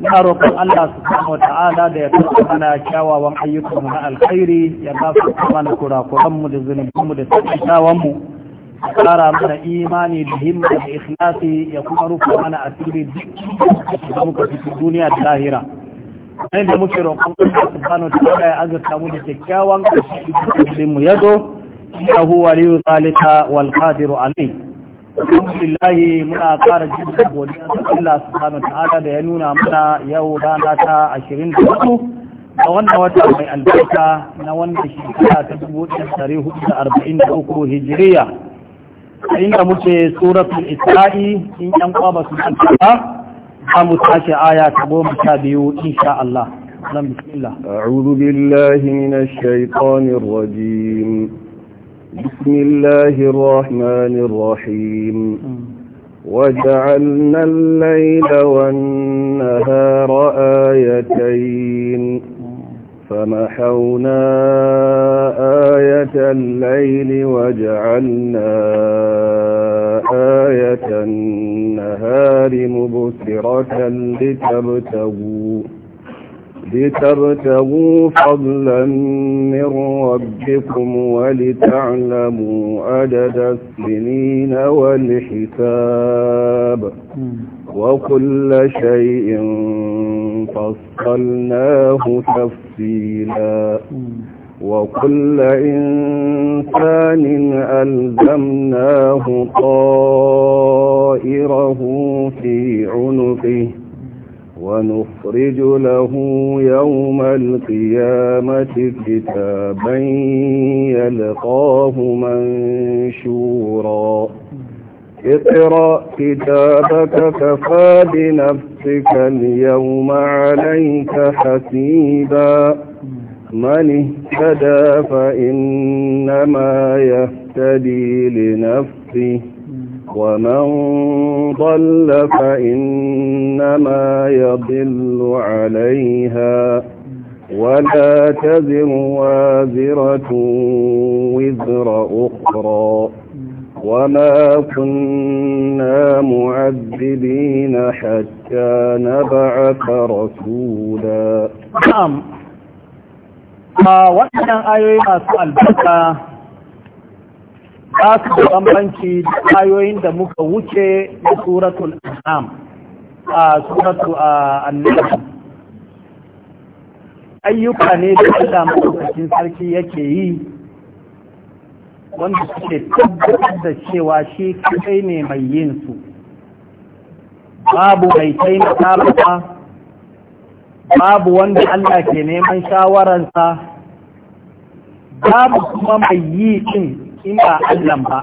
ina roƙon Allah su ta'ala da ya tafi mana kyawawan ayyukanmu na alkhairi ya ba su mana na kurakuranmu da zunubinmu da tsakitawanmu ya tsara mana imani da himma da ikhlasi ya kuma rufe mana asiri da muka fi duniya da lahira sai da muke roƙon Allah su wa ta'ala ya azurta mu da kyakkyawan kashi da mu yazo huwa liyu zalika wal qadiru alayh alhamdulillah muna ƙara jin godiya ga Allah subhanahu ta'ala da ya nuna mana yau rana ta 24 ga wannan wata mai albarka na wannan shekara ta 1443 hijiriya inda muke suratul isra'i in yan kwaba su ba za mu tashi aya ta goma sha biyu insha Allah. بسم الله أعوذ بالله من الشيطان الرجيم بسم الله الرحمن الرحيم وجعلنا الليل والنهار آيتين فمحونا آية الليل وجعلنا آية النهار مبصرة لتبتغوا لتركبوا فضلا من ربكم ولتعلموا عدد السنين والحساب وكل شيء فصلناه تفصيلا وكل إنسان ألزمناه طائره في عنقه ونخرج له يوم القيامة كتابا يلقاه منشورا اقرأ كتابك كفى بنفسك اليوم عليك حسيبا من اهتدى فإنما يهتدي لنفسه ومن ضل فإنما يضل عليها ولا تزر وازرة وزر أخرى وما كنا معذبين حتى نبعث رسولا نعم وإن أيها masu albarka ba su da bambanci da ayoyin da muka wuce na suratul an'am a suratul an'am ayyuka ne da Allah madaukakin sarki yake yi wanda suke tabbatar da cewa shi kai ne mai yin su babu mai taimaka masa babu wanda Allah ke neman shawararsa babu kuma mai yi ɗin. in ba Allah ba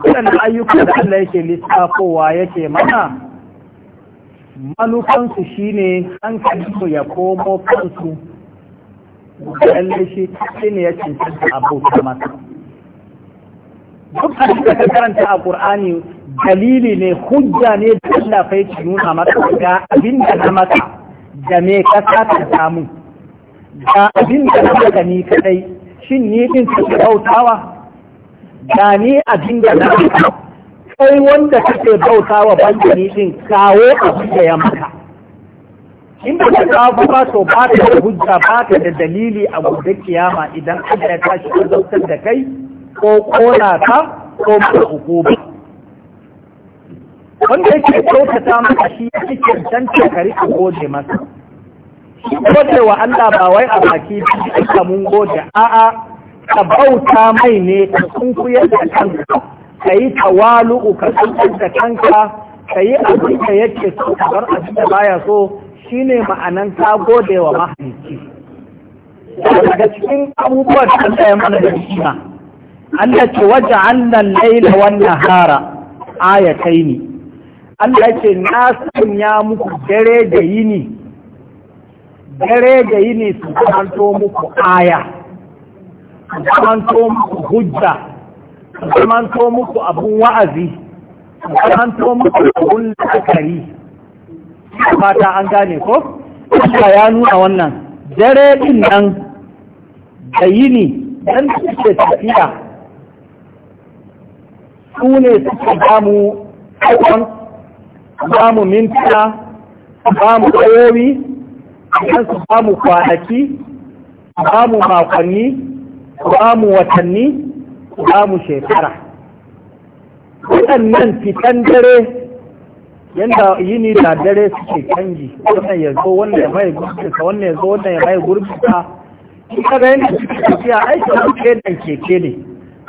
waɗannan ayyukan da Allah yake lissafowa yake mana manufansu shine hankalinsu ya komo kansu lalle shi ne ya da abokan mata. duk da ka karanta a ƙur'ani dalili ne hujja ne da Allah fa yake nuna maka ga abin da na maka da me ka saka samu ga abin da na maka ni kadai shin ni din kake bautawa da ni a dinga na kai wanda take bautawa banda ni din kawo a da ya maka in ba ka kawo ba to ba ka da hujja ba ka da dalili a gobe kiyama idan Allah ya tashi zautar da kai ko kona ka ko maka ba. wanda yake kyautata maka shi yake cancanta ka rika gode masa gode wa Allah ba wai a baki duka mun goge. a'a ka bauta mai ne ka sunkuyar da kanka ka yi tawalu'u ka sunkuyar da kanka ka yi abin da yake so ka bar abin da baya so shine ma'anan ka gode wa mahalicci daga cikin abubuwan da Allah ya mana da shi Allah ce waje nan laila wannan hara ayataini Allah ce na sanya muku dare da yini dare da yini su karanto muku aya su karanto muku hujja su karanto muku abun wa'azi su karanto muku abun la'akari fata an gane ko Allah ya nuna wannan dare din nan da yini ne don suke tafiya su ne suke damu aikon damu mintuna damu ƙayoyi don su ba kwanaki ba makonni ba watanni ba mu shekara waɗannan fitan dare yadda yini da dare suke canji wannan ya zo wannan ya mai gurbinsa wannan ya zo wannan ya mai gurbinsa in ka ga yanda suke tafiya aiki na suke dan keke ne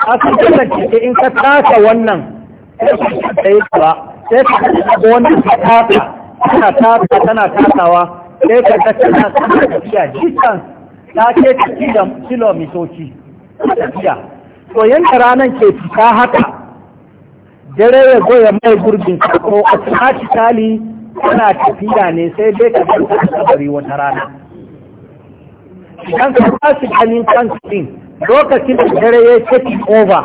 a san wannan keke in ka tasa wannan sai ka tsaye ba sai ka ga wannan ka taka tana taka tana tasawa. sai ka ga tana tana tafiya distance ta ce ta kilomitoci tafiya to yanka ranar ke fita haka dare ya zo ya mai gurbin ko a tsaci tali tana tafiya ne sai dai ka ga ta wata rana idan ka tashi ganin kan din lokacin da dare ya ce over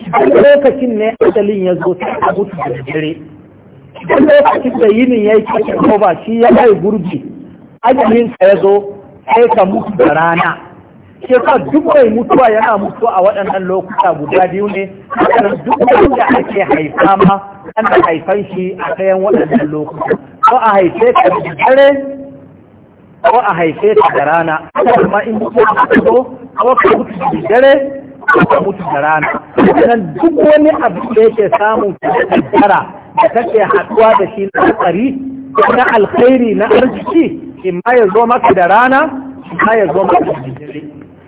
Idan lokacin ne asalin ya zo ta mutu da dare Idan lokacin da yinin ya yi cikin koba shi ya kai gurbi ajalin ya zo sai ka mutu da rana ke ka duk mai mutuwa yana mutuwa a waɗannan lokuta guda biyu ne a duk wanda ake haifa ma ana haifan shi a ɗayan waɗannan lokuta ko a haife ka da dare ko a haife ka da rana amma in mutuwa ka zo ko ka mutu da dare ko ka mutu da rana sannan duk wani abu da yake samun kaddara da kake haɗuwa da shi na tsari ko na alkhairi na arziki in ma ya zo maka da rana in ma ya zo maka da dare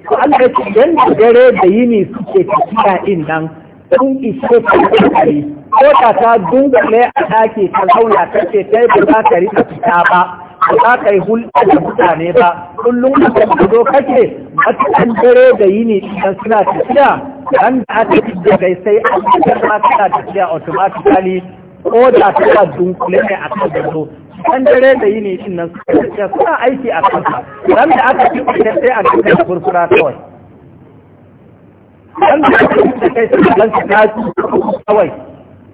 ko Allah ya ce dare da yini suke tafiya in nan sun ishe ka kokari ko ta ta dunkule a ɗaki ta zauna ta ce ta yi ba za ka rika fita ba ba za ka yi hulɗa da mutane ba kullum da ka zo kake matuƙan dare da yini idan suna tafiya dan da aka da kai sai an ta suna tafiya automatically ko da ta dunkule ne a kan gado dan dare da yini din nan suna aiki a kansa dan da aka fi da sai a da furfura kawai dan da aka fi da kai sai dan na ci kawai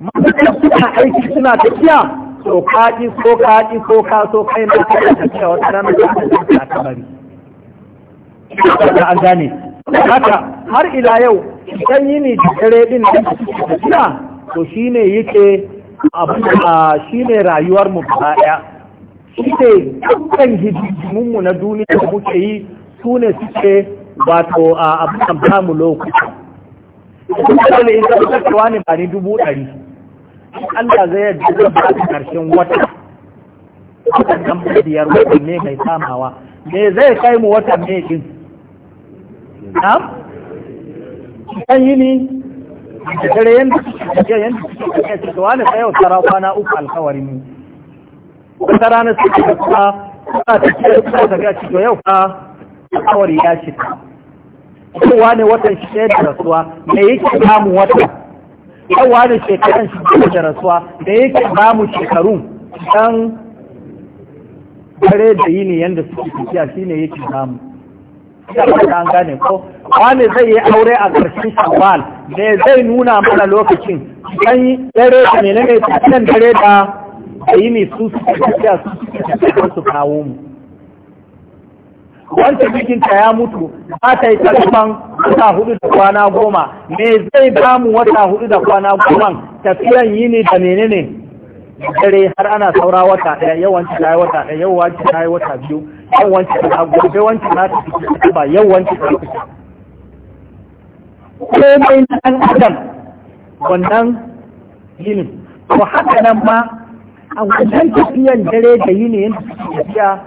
ɗan suna aiki suna tafiya so kaɗi so kaɗi so ka so kai ma da tafiya wata ranar da aka fi a kamari an gane haka har ila yau idan ne da dare din da tafiya to shine yake a shi ne rayuwar mu ɗaya shi ne dukkan hidimunmu na duniya da muke yi su ne suke wato a abin ba mu lokaci kuma da in zama ne ba ni dubu ɗari Allah zai yarda zai ba a ƙarshen wata watan biyar watan ne mai samawa me zai kai mu watan ne din na'am kan yini da dare yadda. tafiya da suke tafiya ce to wani tsaye tsara kwana uku alkawari ne wata rana suke da kuma suna tafiya kuma tafiya ce cikin yau ka alkawari ya shiga kowa ne watan shi ne da rasuwa da yake samun wata yawa ne shekaran shi ne da rasuwa da yake ba mu shekarun dan dare da yini yanda suke tafiya shine yake samu. Sai ba ta an gane ko wani zai yi aure a ƙarshen shawwal da zai nuna mana lokacin yi dare da ne mai tafiyan dare da yi mai su su tafiya su tafiya su kawo mu wanda ta ya mutu za ta yi tarifan wata hudu da kwana goma me zai ba mu wata hudu da kwana goma tafiyan yi ne da menene dare har ana saura wata ɗaya yawanci ta yi wata ɗaya yawanci ta yi wata biyu yawanci yi gobe biyu yawanci ta biyu yawanci wata ta komai na ɗan adam wannan yini to haka nan ma a wannan tafiyan dare da yini yin tafiya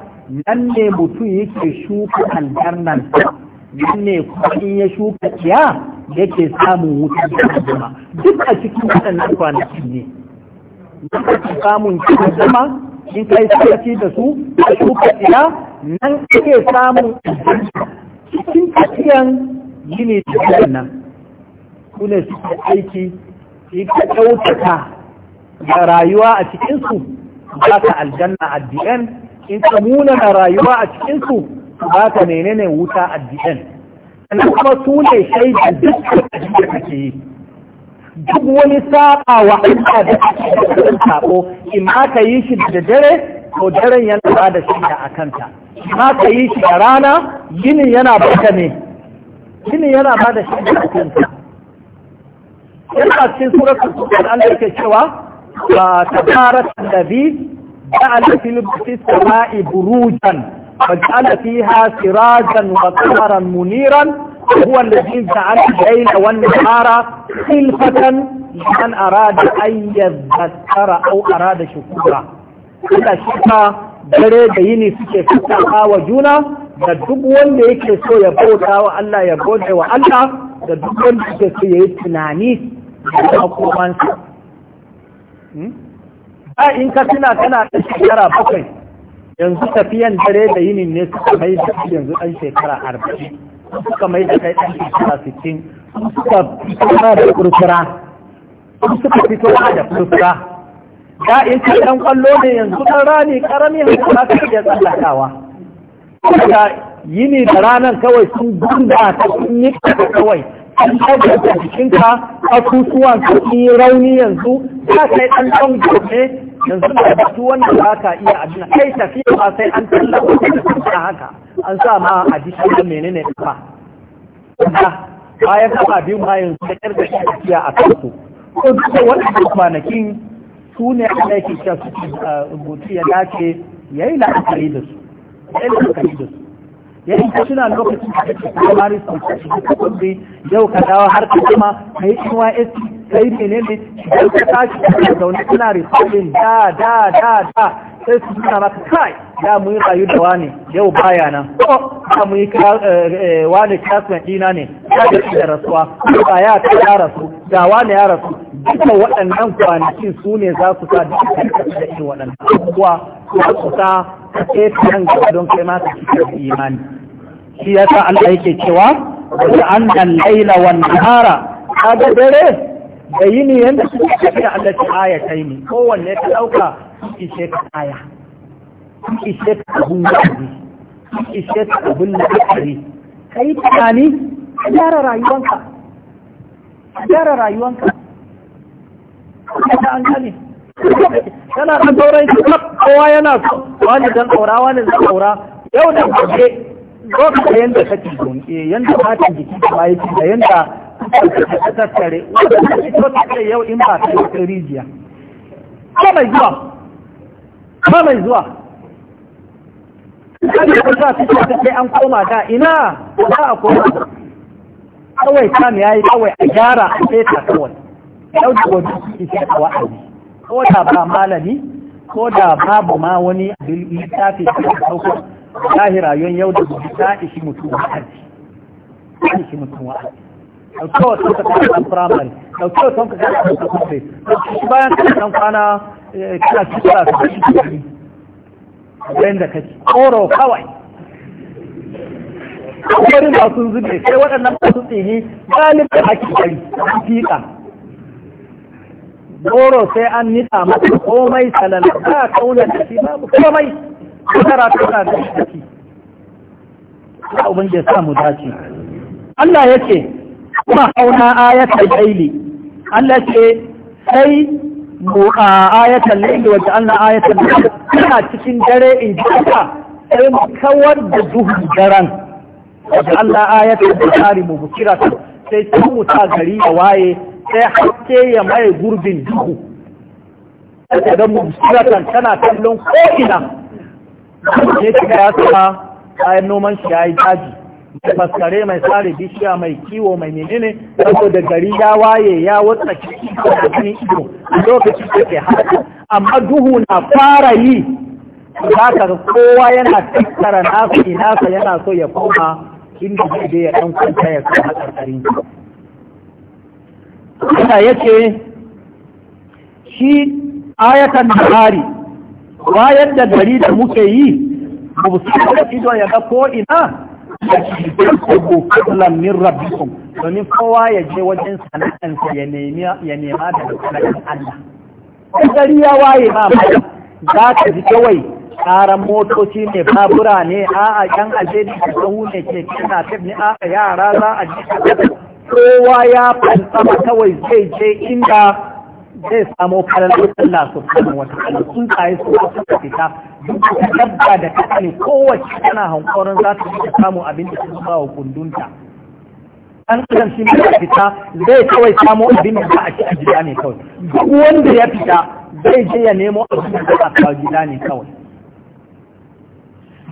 nan ne mutum yake shuka aljannan nan nan ne kuma in ya shuka ciya yake samun wutar da duk a cikin waɗannan kwanakin ne ka samun cikin zama in kai sarki da su a shuka ina nan ake samun cikin tafiyan gini da nan su ne suke aiki in ka kyautata da rayuwa a cikinsu ba ka aljanna a the in ka munana rayuwa a cikinsu ba ka menene wuta a the sannan kuma su ne shaidan dukkan abin da kake yi duk wani saba wa Allah da kake da sako in ma ka yi shi da dare to daren yana ba da shaida a kanta in ma ka yi shi da rana yinin yana ba ne yinin yana ba da shaida a kanta yana cikin suratul furqan Allah yake cewa ba alladhi da fil samai burujan wa ja'ala fiha sirajan wa qamaran muniran هو الذي جعل الليل والنهار خلفة لمن أراد أن يذكر أو da شكورا إذا شكا dare da yini suke fitawa wa juna da duk wanda yake so ya bauta wa Allah ya bauta wa Allah da duk wanda yake so ya yi tunani da hmm? in ka tuna kana ɗan shekara bakwai yanzu tafiyan dare da yinin ne suka mai da kai yanzu ɗan shekara arba'in suka mai da kai ɗan shekara sittin suka fito da kurkura suka fito da kurkura da in ka ɗan ƙwallo ne yanzu ɗan rani ƙarami hankala ka iya tsallakawa yini da ranar kawai sun gunda ta sun yi kawai an ɗaukar da jikinka asusuwan ka yi rauni yanzu ta kai an ɗan gobe yanzu da batu wanda za ka iya abin kai tafiya ba sai an tallafa da haka an sa ma a jikin da menene kafa bayan kafa biyu ma yanzu da kyar da tafiya a su. ko duka waɗanda kwanakin su ne a yake a su eh, ya dace ya ya yi la'akari da su ya yi ta suna lokacin da kake primary school ka shiga secondary yau ka dawo har ka kuma kai NYSC kai menene idan ka tashi ka zaune suna reporting da da da da sai su nuna maka kai da mu yi rayu da wani yau baya nan ko oh, ka mu yi eh, eh, wani kasuwan dina ne Ya ga shi da rasuwa ba ya ta ya rasu da wani ya rasu dukkan waɗannan kwanaki su ne za su sa duka da irin waɗannan abubuwa su sa ka tsaye nan gaba don kai ma ka cika imani shi ya sa Allah yake cewa da an nan laila wa ta ka ga dare da yini su suke tafiya Allah ta aya ta yi ne kowanne ta ɗauka ishe ka aya ishe ka abun wa'azi ishe ka da la'akari ka yi tunani ka gyara rayuwanka ka gyara rayuwanka ka an rayuwanka yana ɗan sauran shi kowa yana so wani dan saura wani dan saura yau da gobe lokacin yanda kake gunke eh, yanda fatin jiki kuma yake da yanda ta tattare wanda ita tattare yau in ba ta yi rijiya ko mai zuwa ko mai zuwa kada ku sa su ta kai an koma da ina za a koma kawai kam yayi kawai a gyara a sai ta kawai yau da gobe ita wa'azi ko da ba malami ko da babu ma wani littafi da ya sauko lahi rayuwar yau da gobe ta ishi mutum wa'azi ta ishi mutum wa'azi ɗauke wa sun ka kasa ɗan firamare ɗauke wa sun ka kasa ɗan firamare ɗauke bayan kasa ɗan kwana eh, kana kira su kashi cikiri bayan da kake koro kawai kawai masu zube sai waɗannan masu tsini galibin ake kari fiƙa goro sai an nita masa komai sanan ba kaunar da shi babu komai tara tara da shi Allah ubangiji ya mu dace Allah ya ce kuma hauna ayatar daili Allah ce sai mu a ayatul laili wa allah ayatar daili suna cikin dare in ji sai mu kawar da duhun daren wa ja'alna ayatul laili mu bukira sai mu ta gari a waye sai haske ya maye gurbin duhu a don musulatan tana kallon ko'ina ne shiga ya sa kayan noman shi ya yi daji mai faskare mai tsari bishiya mai kiwo mai menene saboda gari ya waye ya wata ciki da gani ido a lokacin da ke haka amma duhu na fara yi za ka kowa yana tattara nasa inasa yana so ya koma inda zai ya ɗan kwanta ya kama ƙarƙarin Allah ya shi ayatan hari bayan da gari da muke yi abu da ido ya ga ko'ina fadlan min rabbikum domin kowa ya je wajen sana'ansa ya nema daga sana'an Allah gari ya waye ba za ka ji kawai tsaran motoci ne babura ne a'a yan aje ne ka ne ke kina tafi ne a'a yara za a ji kowa ya fantsama kawai zai je inda zai samo kanar Allah su kanar wata kanar sun tsaye su suka fita duk da dabba da ta kane kowace tana hankoron za ta fita samu abin da su ba wa kundunta an kalan shi mai fita zai kawai samo abin da za a ci a gida ne kawai duk wanda ya fita zai je ya nemo abin da za a kawo gida ne kawai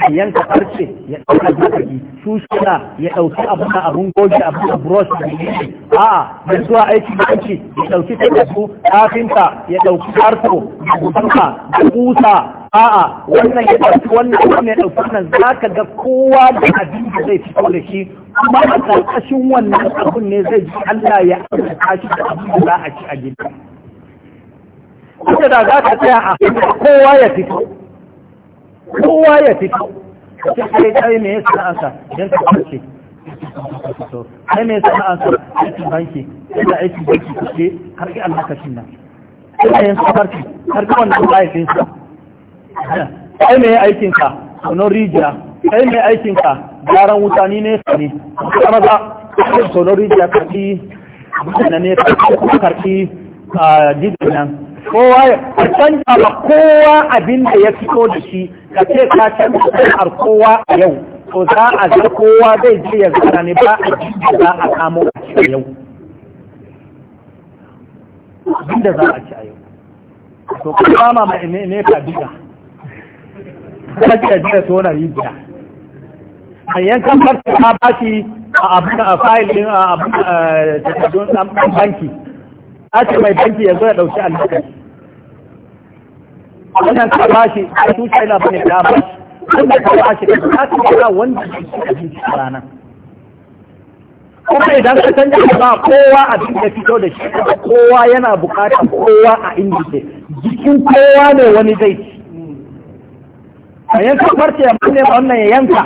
a yanka farce ya ɗauka zakaki shushuna ya ɗauki abun goji abu na brush da yi a da zuwa aiki da aiki ya ɗauki takardu kafinta ya ɗauki harto da gudanka da kusa a'a wannan ya ɗauki wannan abu ya ɗauki wannan za ka ga kowa da abin da zai fito da shi kuma a ƙarƙashin wannan abin ne zai ji Allah ya amsa shi da abin da za a ci a gida. Kuma da za ka tsaya a kowa ya fito. kowa ya fito cikin kai kai mai sana'arsa don ka farce kai mai sana'arsa aikin banki da aikin banki ku ce har yi almakashin nan ina yin sabarci har ga aikin sa kai mai aikinka sonon rijiya kai mai ka gyaran wuta ni ne sani kuma maza kai sonon rijiya karfi na ne kuma karfi a ah, jirgin nan kowa ya canza ma kowa abin da ya fito da shi ka ce ka canza sana'ar kowa a yau to za a ga kowa zai ji ya zara ne ba a da za a kamo a ci a yau da za a ci a yau to ka kama mai ne ne ka ji kake da tona rijiya a yankan farko ka ba shi a abin a fayil din a abin a tattalin banki a ce mai banki ya zo ya ɗauki albarkaci wannan ka bashi a tuta ina bane ka bashi wannan ka bashi ka ta kira wanda ke ci abinci ranar kuma idan ka canza ba kowa abin da fito da shi kowa yana bukatar kowa a inda ke jikin kowa ne wani zai ci a yanka farce ya manne ma wannan ya yanka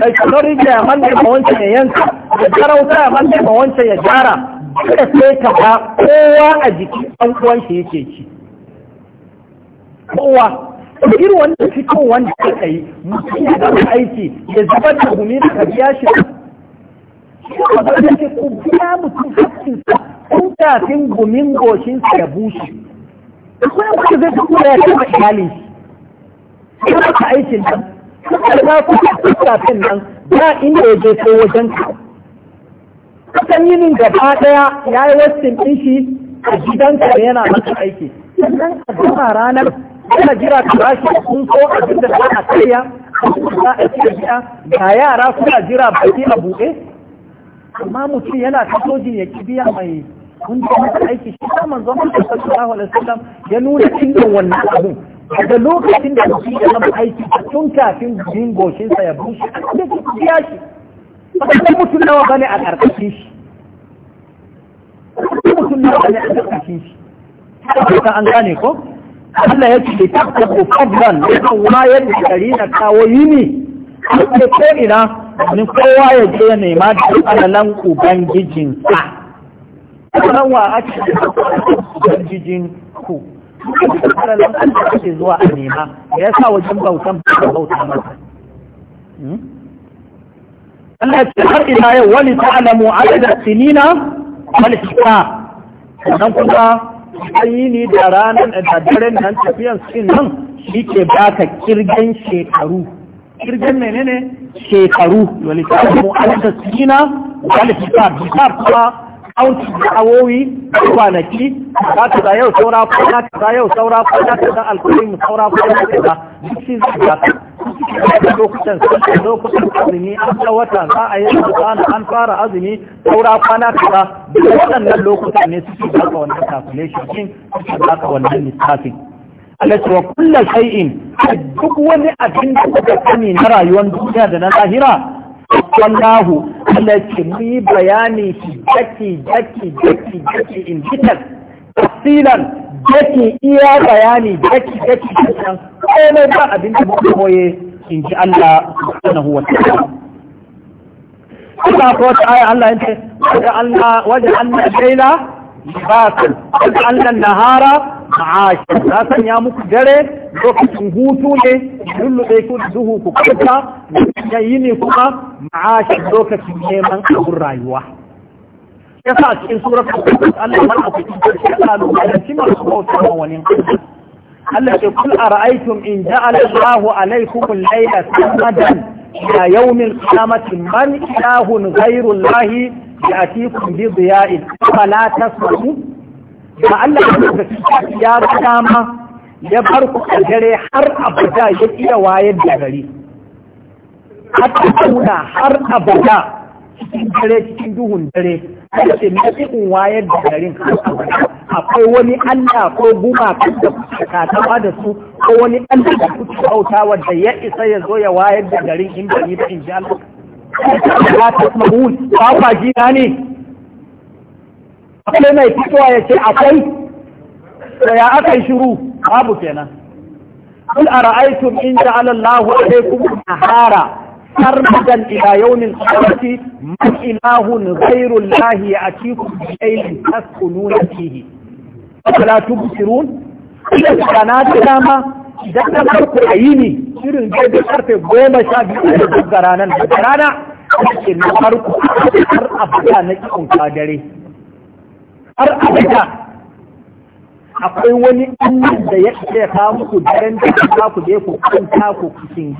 da kalori da ya manne ma wancan ya yanka da karauta ya manne ma wancan ya gyara duka sai ka ba kowa a jikin ɗan uwan shi yake ci kowa irin wanda fito wanda aka yi mutum ya zama aiki ya zubar da gumi da biya shi da ce ku biya mutum hakkinsa kun kafin gumin goshinsa ya bushe akwai wanda zai fito ya kama iyalin shi ya maka aikin nan kuma ku kafin nan ba inda ya je ko wajen ka kasan yinin gaba daya ya yi wasu ɗin shi a gidanka yana mata aiki sannan a gama ranar kana jira ka bashi kun ko abin da za a karya za a cire gida ga yara suna jira baki a buɗe amma mutum yana ta sojin ya kibiya mai kun da masa aiki shi ta manzo Allah sallallahu alaihi wasallam ya nuna cikin wannan abu. daga lokacin da mutum ya zama aiki tun kafin jin goshinsa ya bushe a cikin kibiya shi ba mutum nawa bane a karkashin shi mutum nawa bane a karkashin shi ta an gane ko Allah ya ce ta tafi fadlan ya yadda kari na kawo yini ake ko ina ni kowa ya je nema da alalan ubangijin sa sannan wa ake ubangijin ku alalan Allah ake zuwa a nema ya sa wajen bautan bauta masa hmm? Allah ya ce har ina yau wani ta'alamu adadin sinina wal hisab sannan kuma ayini da ranar da daren nan tafiyan sin nan shi ke baka kirgan shekaru kirgan menene shekaru wani ta mu alta sina wani ta ta kuma kaunti da awowi kwanaki za ta da yau saura kwana ta da yau saura ta da mu saura ta duk shi zai lokutan sun lokutan azumi an ta wata za a yi tsana an fara azumi saura kwana kaza duk waɗannan lokutan ne suke baka wannan calculation din suke baka wannan littafin Allah wa sai in duk wani abin da kuka sani na rayuwar duniya da na lahira wallahu Allah ke mu yi bayani shi jaki, daki daki daki in detail tafsilan yake iya bayani daki daki kan komai ba abin da muka koye in ji Allah subhanahu wa ta'ala Allah ko ta aya Allah yace wajen Allah wajen Allah laila libasan wajen Allah nahara ma'ashin na sanya muku dare lokacin hutu ne lullu dai ku duhu ku kwanta yayi ne kuma ma'ashin lokacin neman abun rayuwa ya sa a cikin surat Allah man a kuɗi ta shi kalu da shi masu bauta ma wani Allah ce kul ara'aytum in ja'ala Allahu alaykum al-layla samadan ila yawm al-qiyamati man ilahun ghayru Allah ya'tikum bi diya'in fala tasma'u ba Allah ya ya dama ya bar ku dare har abada ya iya wayar da gari hatta kuna har abada cikin dare cikin duhun dare aka ce na cikin wayar da garin akwai wani Allah ko guma da kakatawa da su ko wani Allah da kuke bauta wanda ya isa ya zo ya wayar da garin inda ni da in ji Allah ba ta mahul ba kwa jina ne akwai mai fitowa ya ce akwai da ya aka yi shiru babu kenan قل أرأيتم إن جعل الله عليكم نهارا har magan ila yaumin qiyamati ma a ghayru llahi atiku bi shay'in tasqununa fihi fala tubsirun kana tsama da na farko ayi ne irin da da karfe goma sha biyu da duka ranar da rana ake na farko har abuja na kiwon kadare har abuja akwai wani annan da ya ce ka muku daren da ka ku je ku kwanta ku cikin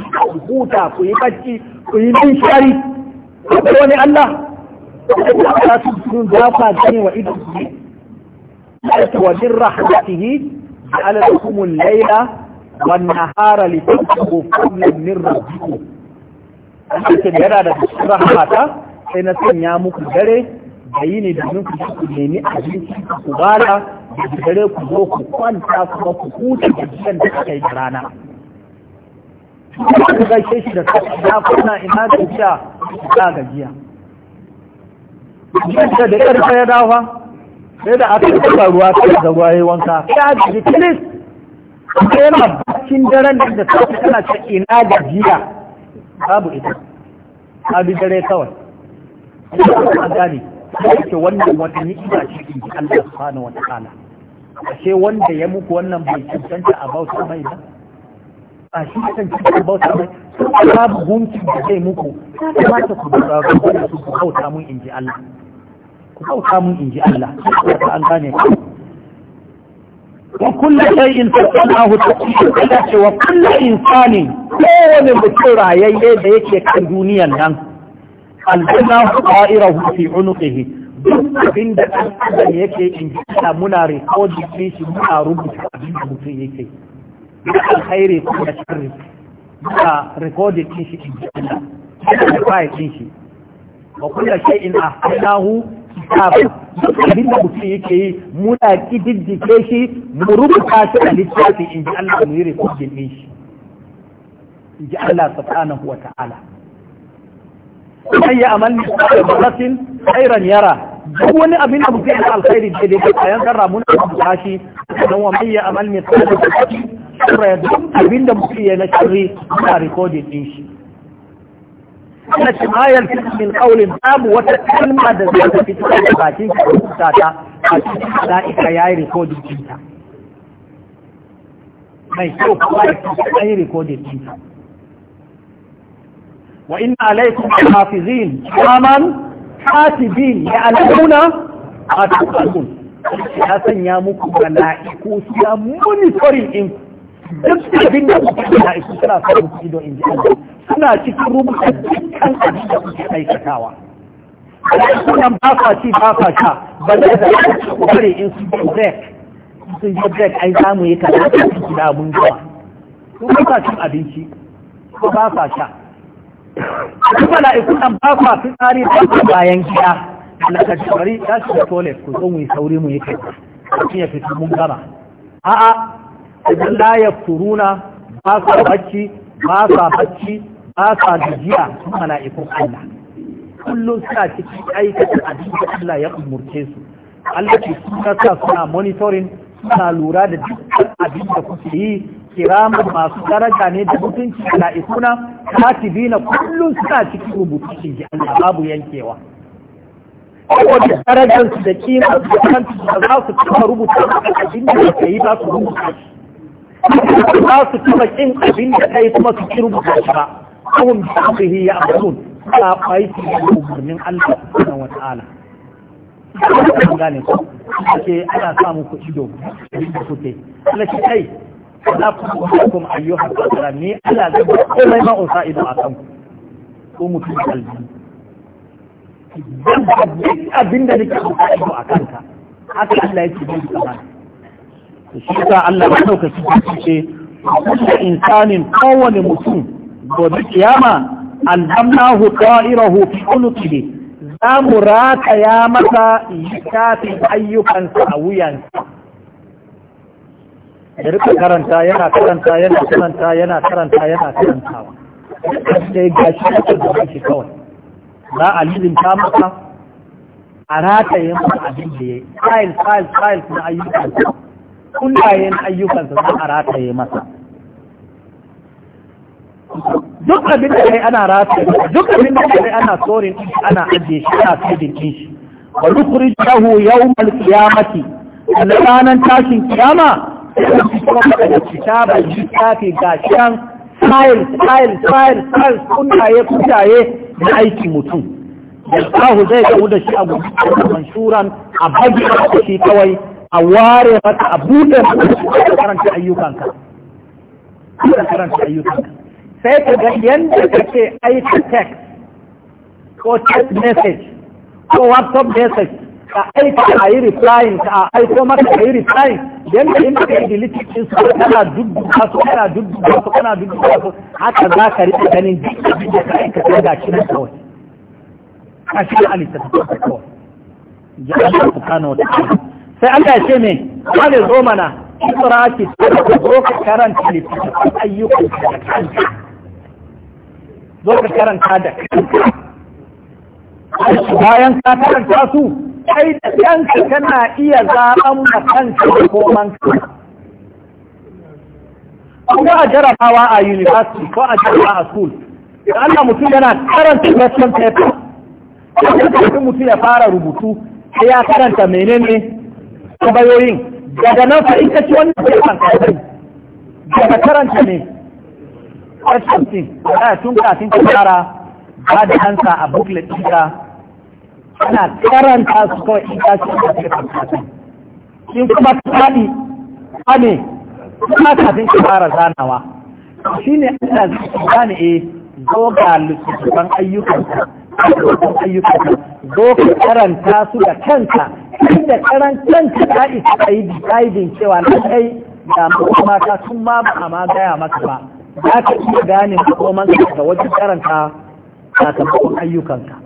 huta ku yi bacci ku yi bin shari akwai wani Allah ya su sun zafa gani wa idan ku ta wajin da ala lakum kumun Laila, wan nahara li tasbu fadlan min rabbikum annabi yana da rahata, sai na sanya muku dare da ne domin ku nemi abinci ku bala da dare ku zo ku kwanta kuma ku huta jiyan da aka yi da rana ku ke shi da kasa kuna ina gajiya ta gajiya Jiyan da ƙarfe ya dawa sai da aka yi ruwa ta da ruwa ya wanka ya gaji kilis kuma yana bakin daren da ta tana ta ina da jiya. babu ita abi dare kawai kuma gane sai ke wannan wata ni'ima ce in ji Allah subhanahu wa ta'ala ashe wanda ya muku wannan bai cancanta a bauta mai ba a shi cancanta a bauta mai sun babu gunki da zai muku ya kamata ku bauta su ku bauta mun inji Allah ku bauta mun inji ji Allah ta an gane ku wa kullu shay'in fasanahu taqdira ce wa kullu insani kowane mutum rayayye da yake kan duniyan nan aljanna qa'irahu fi unuqihi duk abin da ɗan adam yake in gina muna rikodin ɗin shi muna rubuta abin da mutum yake da alkhairi ko da sharri muna rikodin ɗin shi in gina da fayil ɗin shi wa kulla shay'in ahsanahu kitaban duk abin da mutum yake yi muna kididdike shi mu rubuta shi a littafi in ji Allah mu yi rikodin ɗin shi in ji Allah subhanahu wa ta'ala. ومن يعمل مثقال ذرة خيرا yara duk wani abin da mutum yana alkhairi da dai ka yan karra mun da shi dan wa mai amal mai tsari sura duk abin da mutum na shirri a rikodin din shi ana ce ayar min qawlin babu wata kalma da za ta fito daga bakin ka ta a cikin da'ika yi rikodin din ta mai kyau kuma yayi recording din ta wa inna alaykum hafizin aman katibin ya alamuna a tukalun ya sanya muku mala'iku su ya monitoring in duk abin da kuka mala'iku suna sa muku ido in ji Allah suna cikin rubuta dukkan abin da kuke aikatawa mala'iku nan ba sa ci ba sa sha ba da da kare in su yi break sun yi break ai za mu yi kaza da mun zuwa sun ba sa cin abinci ko ba sa sha su mala'iku nan ba kwa fi tsari ɗan bayan gida laka bari ya shi da toilet ku zo mu yi sauri mu yi kai shi ya fito mun gama a'a idan la yafturuna ba sa bacci ba sa bacci ba sa gajiya su mala'ikun Allah kullum suna cikin aikata abinda Allah ya umurce su Allah ke suna sa suna monitoring suna lura da dukkan abinda kuke yi Kiramu masu daraja ne da mutunci da katibi na kullum suna cikin rubutu cikin Allah babu yankewa kowace darajar su da kima su da kansu da za su kuma rubuta abin da ka yi za su rubuta shi za su kuma kin abin da ka yi kuma su ki rubuta shi ba kawun da su yi ya abubuwan ta kwaiki da umarnin Allah na wa ta'ala gane ku ake ana samun kuɗi domin da kuke Allah ki kai wala kuma ayyuhal qadara ni Allah zai ba komai ma usa ido akan ku ko mutum alji dan abin da nake usa ido akan ka haka Allah yake bin kamar to shi ka Allah ya dauka shi ce kullu insanin kowane mutum gobe kiyama alhamnahu ta'irahu fi ulqihi za mu rataya masa littafin ayyukansa a wuyansa ya rika karanta yana karanta yana karanta yana karanta yana karantawa sai ga shi da kuma shi kawai za a ta maka a rataye maka abin da ya yi file file file na ayyukansa kullayen ayyukansa za a yi masa duk abin da kai ana rataye duk abin da kai ana sorin ana ajiye shi ana fidin din shi wa nukhrijahu yawmal qiyamati ranar tashin kiyama da kitabar littafi ga shan fayil fayil fayil fayil kunaye kuntaye na aiki mutum da yanzu zai gabu da shi a manshuran a bagi da shi kawai a ware mata a buɗe mata karanta ayyukanka karanta ayyukanka sai ka ga yadda kake aika text ko text message ko whatsapp message ka aika a yi ka aiko maka a yi replying ka yi deleting din su kana su kana su kana su haka za ka ganin da ka aikata ga shi kawai ka shi alisa ta kawai ya Allah sai Allah ya ce me wani zo mana ki zo ka karanta littafin ayyukan da kanka zo ka karanta da kanka bayan ka karanta su kai da kanka kana iya zaɓen ma da koman kuma a jarabawa a university ko a jarabawa a school da Allah mutum yana karanta question paper da mutum ya fara rubutu sai ya karanta menene tambayoyin daga nan fa ita ka ci wannan bai san kai daga karanta ne cikin din tun kafin ka fara ba da hansa a booklet ɗinka ana karanta su kawai in ka ce ka ce fantasi in kuma tsadi ame kuma kafin ka fara zanawa shi ne ana zai gane e zo ga littattafan ayyukanka ayyukanka zo ka karanta su da kanka inda karantanka ta isa ka yi dikaidin cewa na kai da mata sun ma ba ma gaya maka ba za ka iya gane makomanka da wajen karanta sakamakon ayyukanka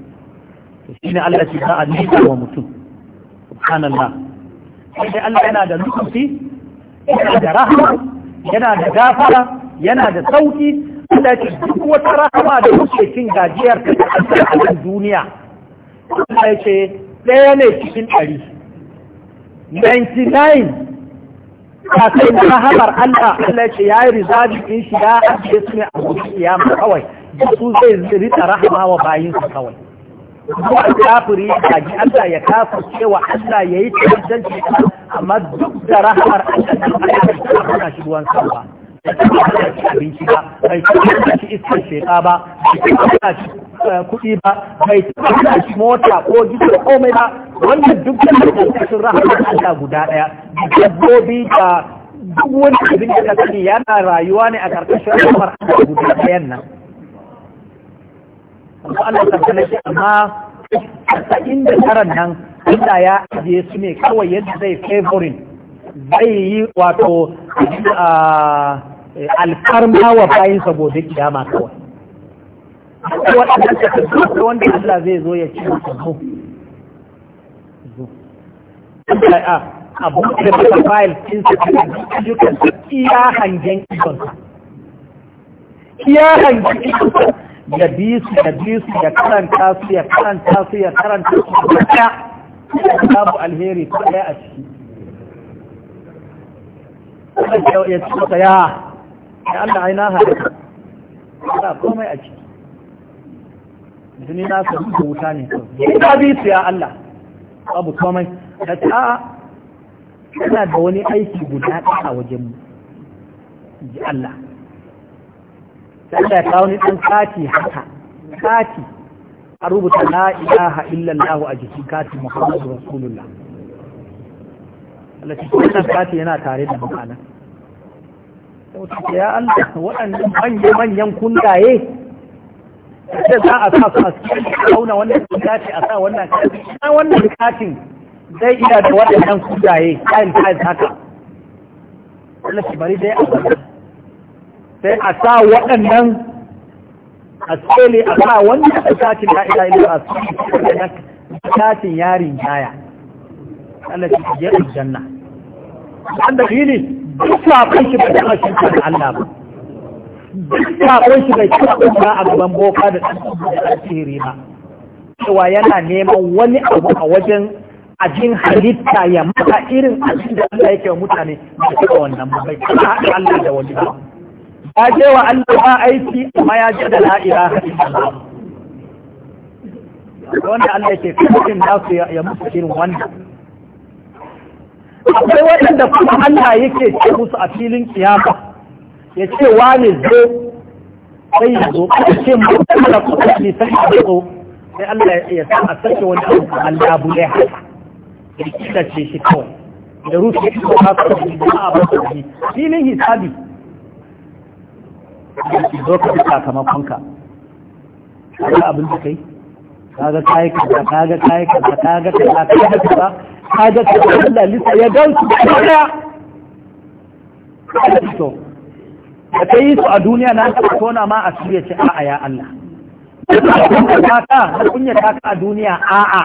shi Allah wa mutum subhanallah sai Allah yana da lukufi yana da rahama yana da gafara yana da sauki Allah ce duk wata rahama da kuke cin gajiyar ta a duniya Allah ya ce ɗaya ne cikin ɗari 99 ka kai na rahamar Allah Allah ce ya yi rizabi shi ya ajiye su ne a kiyama kawai su zai rita rahama wa bayinsa kawai zuwa kafiri a ji Allah ya kafa cewa Allah ya yi ta'addanci amma duk da rahamar Allah da ya shi ruwan ba ta ba bai iskar mota ko gizo komai ba wannan duk da ƙarƙashin guda ɗaya dabbobi da duk wani abin da ka yana rayuwa ne a ƙarƙashin rahamar Allah guda ɗayan nan kuma Allah ta kalaki amma casa'in da taran nan Allah ya ajiye su ne kawai yadda zai favorin zai yi wato alfarma wa bayan saboda kiyama kawai waɗannan takardu da wanda Allah zai zo ya ci su zo abu da baka fayil ɗin su ayyukan iya hangen ikon iya hangen ikon ya bi su ya bi su ya karanta su ya karanta su ya karanta su ya babu alheri ko ɗaya a ciki ya ci masa ya ya Allah ba komai a ciki jini na su da wuta ne ya bi su ya Allah babu komai da ta yana da wani aiki guda a wajen mu ji Allah Allah ya kawo ni ɗan kati haka kati a rubuta la ilaha illallahu a jikin kati muhammadu rasulullah Allah cikin wannan kati yana tare da mutanen ya Allah waɗannan manya-manyan kundaye da za a sa su a kauna wannan kati a sa wannan kati a wannan kati, zai iya da waɗannan kundaye kayan kayan haka Allah shi bari dai a wannan sai a sa waɗannan a tsele a sa wanda a tashin ya ila ila a su tafi yarin yaya Allah shi ke jerin janna an da shi ne duk sakon shi bai kama shirka da Allah ba duk sakon shi bai taɓa shirka a gaban boka da ɗan da alheri ba cewa yana neman wani abu a wajen ajin halitta ya mata irin abin da Allah yake wa mutane ba taɓa wannan ba bai kama haɗa Allah da wani ba ya je wa Allah ba aiki amma ya je da la ilaha illallah wanda Allah ke kafin da su ya mutu irin wanda, akwai waɗanda kuma Allah yake ce musu a filin kiyama ya ce wa wani zo sai ya zo a ce mutum da kuma ne sai ya zo sai Allah ya sa a sake wani abu Allah bude haka ya kida ce shi kawai da rufe shi ko haka da ba a ba su filin hisabi da zo ka fi sakamakonka kaga abin da kai kaga kayi kaza kaga kayi kaza kaga kaza kaga ka kaga kaza Allah lissa ya gauci kaga to da kai yi su a duniya na ka tona ma a shirya ce a'a ya Allah ka kunya ta ka a duniya a'a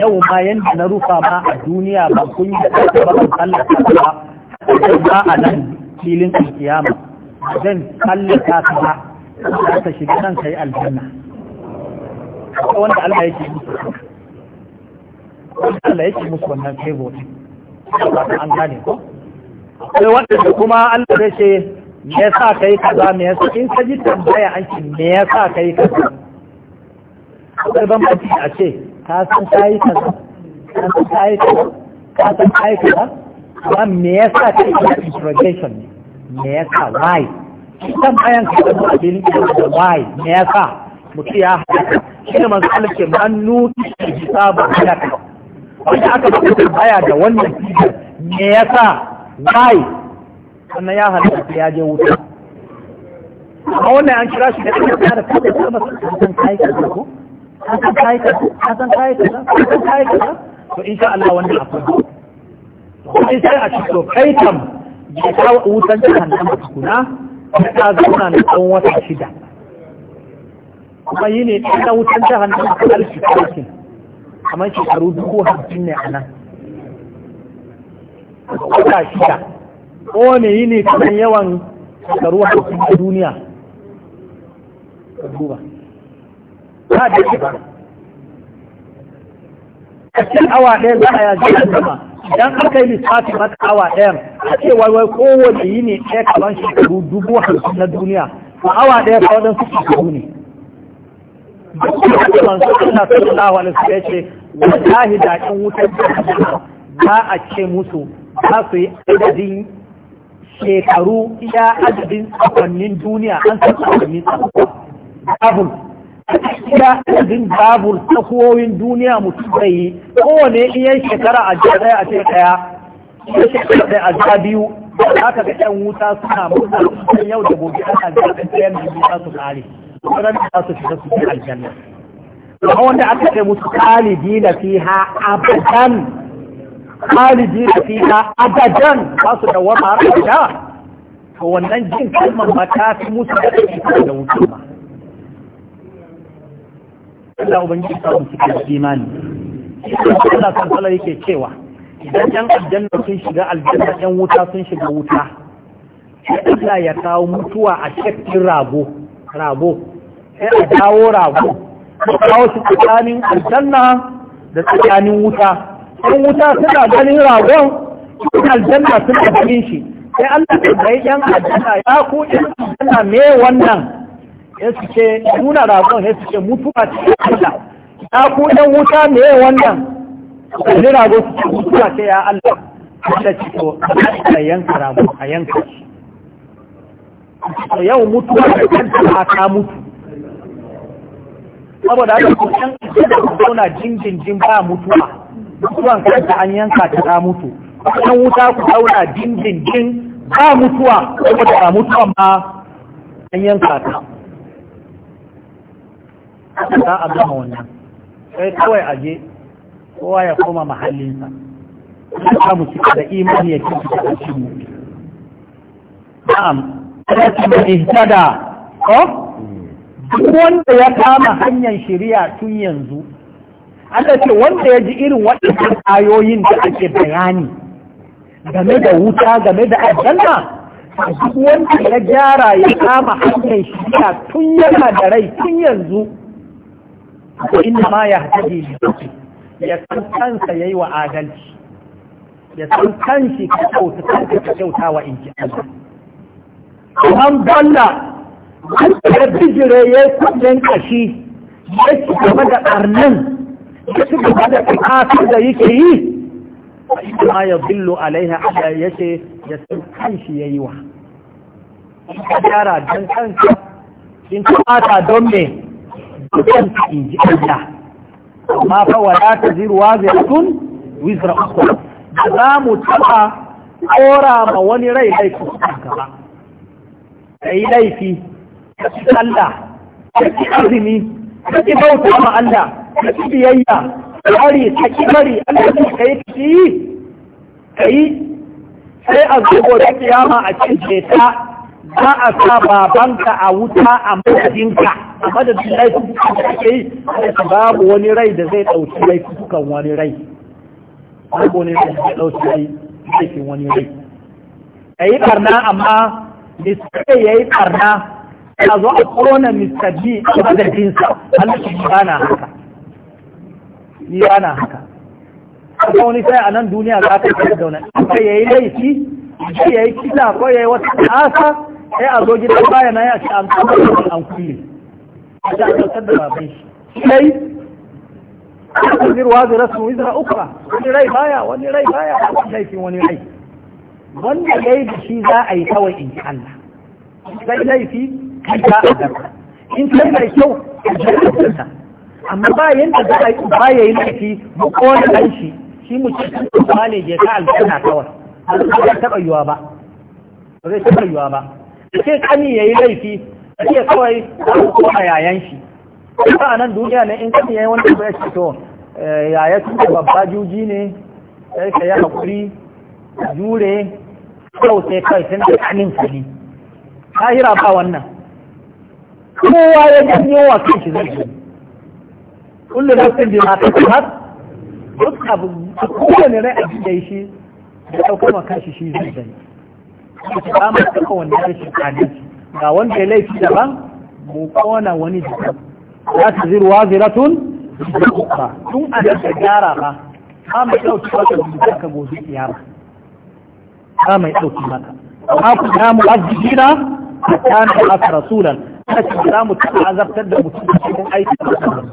yau ma yanda na rufa ma a duniya ba kunya ta ba Allah ta ba ba a nan filin kiyama zan tsallaka ta ba za ta shiga nan ka yi aljanna wanda Allah yake musu wanda Allah yake musu wannan favor ne an gane ko sai wanda kuma Allah zai ce me yasa kai kaza me yasa in ka ji tambaya an ci me yasa kai kaza sai ban baki a ce ka san kai kaza ka san ka kaza ka san kai kaza amma me yasa kai interrogation ne me yasa why kan bayan ka zama a filin da why me Mutu ya haka shi ne masu alake mannu ke jisa ba ya ka wanda aka fi baya da wannan fiye me yasa why sannan ya halatta ya je wuta a wannan an kira shi da ɗaya da kada kada masu kasan kayi kaza ko san kai ka kasan kayi kaza kasan kayi kaza to insha Allah wannan akwai ko in sai a cikin kai kam ya ta wutan jahannama tukuna ya ta zauna na tsawon wata shida kuma yi ne ta wutan jahannama a ƙarfi ƙarfin kamar shekaru dubu hamsin ne a nan wata shida ko ne yi ne kamar yawan shekaru hamsin a duniya ka duba ba da shi ba cikin awa ɗaya za a yaji annama idan aka yi lissafi maka awa ɗaya a ce wai wai kowane yini ɗaya kamar shekaru dubu hamsin na duniya a awa ɗaya ka su shekaru ne duk da manzo Allah sallallahu alaihi wasallam ya ce wallahi da kin wutar za a ce musu za su yi adadin shekaru iya adadin tsakannin duniya an san tsakannin tsakon da adadin babur tsakuwoyin duniya mutum zai yi kowane iyan shekara a jiya ɗaya a ce ɗaya ya shekara ɗaya a jiya biyu za ka ga ɗan wuta suna murna sun yau da gobe ana jiya ɗan ɗayan da biyu su kare sauran za su shiga su je aljanna kuma wanda aka ce musu kalibi na fiha abadan kalibi na fiha abadan ba su dawama har abada to wannan jin kalmar ba ta fi musu da ɗaya da wuta ba Allah ubangiji ta mu cikin imani Allah kan sala yake cewa idan yan aljanna sun shiga aljanna yan wuta sun shiga wuta Allah ya kawo mutuwa a cikin rago rago sai a dawo rago kawo su tsakanin aljanna da tsakanin wuta yan wuta suna ganin ragon aljanna suna ganin shi sai Allah ya yi yan aljanna ya ku yan aljanna me wannan ya su nuna rakon ya suke mutuwa ce Allah ta ku ɗan wuta me wannan kalli rago su ce mutuwa ce ya Allah Allah ce to a yanka rago a yanka shi yau mutuwa da kanta ta mutu saboda ku ɗan can da zauna jinjin ba mutuwa mutuwan kanta an yanka ta ta mutu ɗan wuta ku zauna jinjin ba mutuwa saboda ba mutuwan ba an yanka ta za a gama wannan sai kawai aje kowa ya koma mahallinsa za mu cika da imani ya cika da cikin mu na'am alaƙi mai ihtada ko duk wanda ya kama hanyar shari'a tun yanzu Allah ce wanda ya ji irin waɗannan ayoyin da ake bayani game da wuta game da aljanna duk wanda ya gyara ya kama hanyar shari'a tun yana da rai tun yanzu ko inna ma ya hadi ya san kansa yayi wa adalci ya san kanshi ka kauta kanka ka kyauta wa inji Allah man dalla ya bijire ya kudin kashi ya ci gaba da arnan ya ci gaba da kafin da yake yi ma ya billo alaiha Allah ya ce ya san kanshi yayi wa in ka gyara don kanka in ka ta don me kanta in ji Allah amma fa wala ta ziru waziratun wizra ukhra da za mu taba kora ma wani rai laifin gaba kai laifi ka ci Allah ka ci azumi ka ci bauta ma Allah ka ci biyayya kari ka ki bari Allah ka kai ki kai sai a zo gobe kiyama a cikin ta za a sa babanka a wuta a madadinka a madadin laifukan da ake yi babu wani rai da zai ɗauki laifukan wani rai babu wani rai da zai ɗauki laifin wani rai a yi ɓarna amma mr ya yi ɓarna a zo a kona mr b a madadinsa halittu ba na haka ni ba na haka a wani sai a nan duniya za ka yi da wani ya yi laifi ya yi kila ko ya yi wata ƙasa sai a zo gidan baya na ya ce an kulle an kulle a ta kasar da baban shi sai a zir wazi rasu wizira ukra wani rai baya wani rai baya a kan laifin wani rai wanda ya yi da shi za a yi kawai in ji Allah sai laifi kai ta adaba in kai mai kyau a jirgin amma ba da za a yi ba ya yi laifi mu kowane ɗan shi shi mu ce kuma ne je ka aljanna kawai ba zai taɓa yiwa ba ba zai taɓa yiwa ba sai kani yi laifi iya kawai za ku koma yayan shi ba a nan duniya ne in kani yi wani bai ce to eh, yaya su da babba juji ne sai ka yi hakuri jure kawai sai kai sun da kanin kani hira ba wannan kowa ya janyo wa shi zai kullum da sun jima ta kamar duk abu kowane rai a da shi da ɗaukar kanshi shi zai zai kuma ta kama duka wannan rashin kanin ga wanda ya laifi daban mu kona wani daban za su wa ziratun tun a da gyara ba ba mai ɗauki wata zuwa ka gozi kiyama ba mai ɗauki maka ba ku damu azzikira a kanin aka rasulan ta ce za mu taɓa azabtar da mutum cikin da ta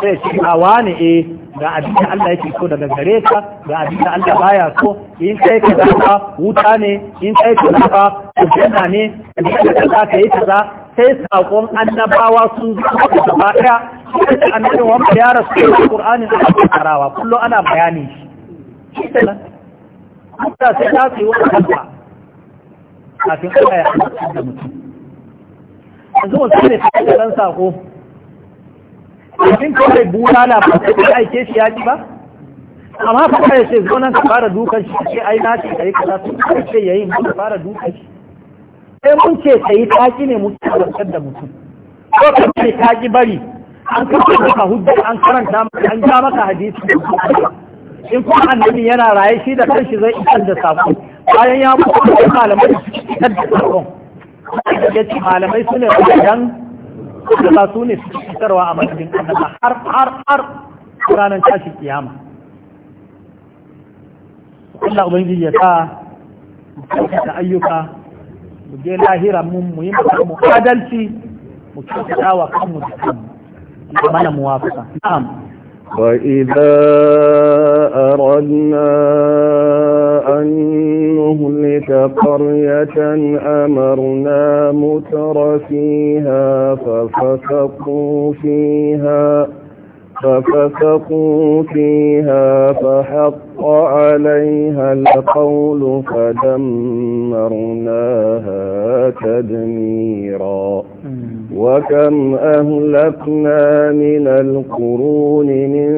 sai ce a wane eh ga abin da Allah yake so daga gare ka ga abin da Allah baya so in kai ka zaka wuta ne in kai ka zaka kujena ne in kai ka yi kaza sai sakon annabawa sun zama da gaba daya sai annabi wa ya rasu da Qur'ani da Karawa kullu ana bayani shi kuma sai ta yi wani kalma kafin Allah ya halitta da mutum. Yanzu wasu ne ta yi sako abin kawai na ba sai ka aike shi ya ji ba amma fa kai sai zo nan ka fara dukan shi sai ai na ce kai su sai ce yayi mu fara dukan shi sai mun ce sai taki ne mu tabbatar da mutum ko ka ce taki bari an kafa maka hujja an karanta maka an ja maka hadisi in kuma annabi yana raye shi da kanshi zai isar da sako bayan ya mutu malamai su ne da sakon ya ce malamai su ne wajen za su ne su fitarwa a matsayin annaba har har har ranar tashi kiyama Allah ubangiji ya sa ta ayyuka mu je lahira mun mu yi mu adalci mu kyautata wa kanmu da kanmu mana muwafaka na'am وإذا أردنا أن نهلك قرية أمرنا متر فيها ففسقوا فيها ففسقوا فيها فحق عليها القول فدمرناها تدميرا وكم أهلكنا من القرون من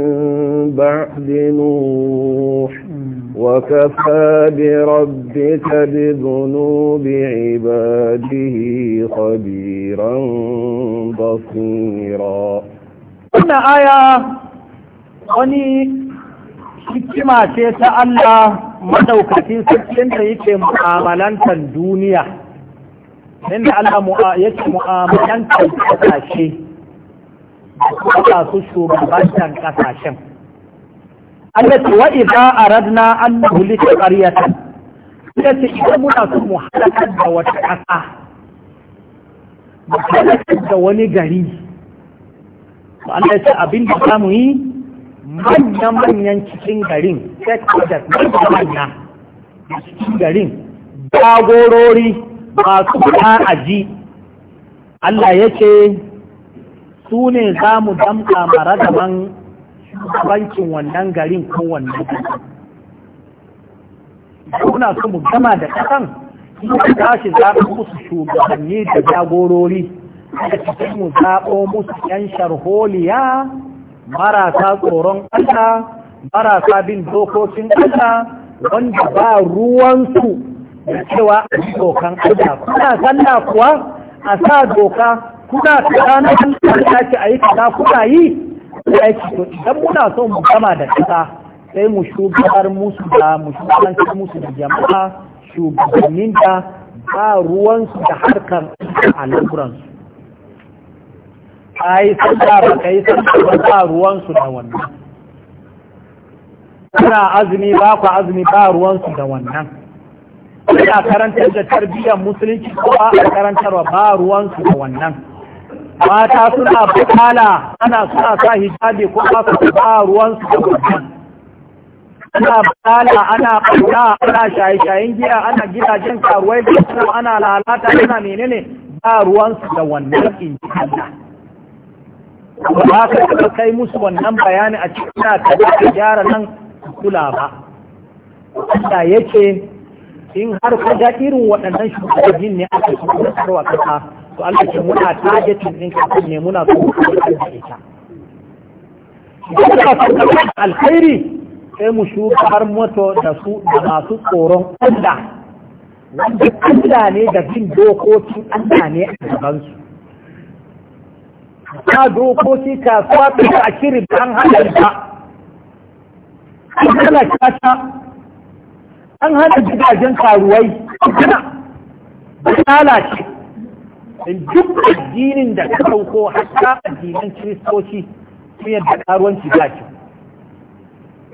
بعد نوح وكفى بربك بذنوب عباده خبيرا بصيرا wannan aya wani hikima ce ta Allah madaukakin sarkin da yake mu'amalantar duniya inda Allah ya ce mu'amalantar kasashe da su shugabantan kasashen Allah ce wa idza aradna an nuhlika qaryatan Allah ce idan muna so mu halakar da wata kasa mu halakar da wani gari to Allah ya ce abin da zamu yi manya-manyan cikin garin sai da manya-manya cikin garin jagorori masu su a ji Allah ya ce su ne za mu damka mara daban bankin wannan garin kan wannan kuna su mu gama da kasan su tashi zaɓi musu shugabanni da jagorori da cikin mu zaɓo musu ƴan sharholiya marasa tsoron Allah marasa bin dokokin Allah wanda ba ruwansu cewa dokan Allah kuna sallah kuwa a sa doka kuna kaza na Allah ya ce a yi kaza kuna yi aiki to idan muna so mu gama da kasa sai mu shugabar musu da mu shugaban musu da jama'a shugabannin da ba ruwansu da harkar al'amuransu a yi sanda ba ka yi sanda ba ba ruwansu da wannan kuna azumi ba ku azumi ba ruwansu da wannan suna karantar da tarbiyyar musulunci ko a karantarwa ba ruwansu da wannan mata suna bukala ana suna sa hijabi ko aka ba ruwansu da wannan suna bukala ana bukala ana shaye-shayen giya ana gidajen karuwai da suna ana lalata ana menene ba ruwansu da wannan ji Allah ba ka taɓa kai musu wannan bayani a cikin na ta gyara nan kula ba Allah yake in har ka ga irin waɗannan shugabannin ne aka kuma da a kasa to Allah ke muna targetin din ka ne muna so ka da ita idan ka alkhairi sai mu shuka har moto da su da masu tsoron Allah wanda Allah ne da bin dokokin Allah ne a gaban su ka dokoki kasuwa ta a shirin an haɗa ta an halaka ta an hana gidajen karuwai kana lalace in duk addinin da ta dauko hatta addinan kiristoci sun yadda karuwanci ba ce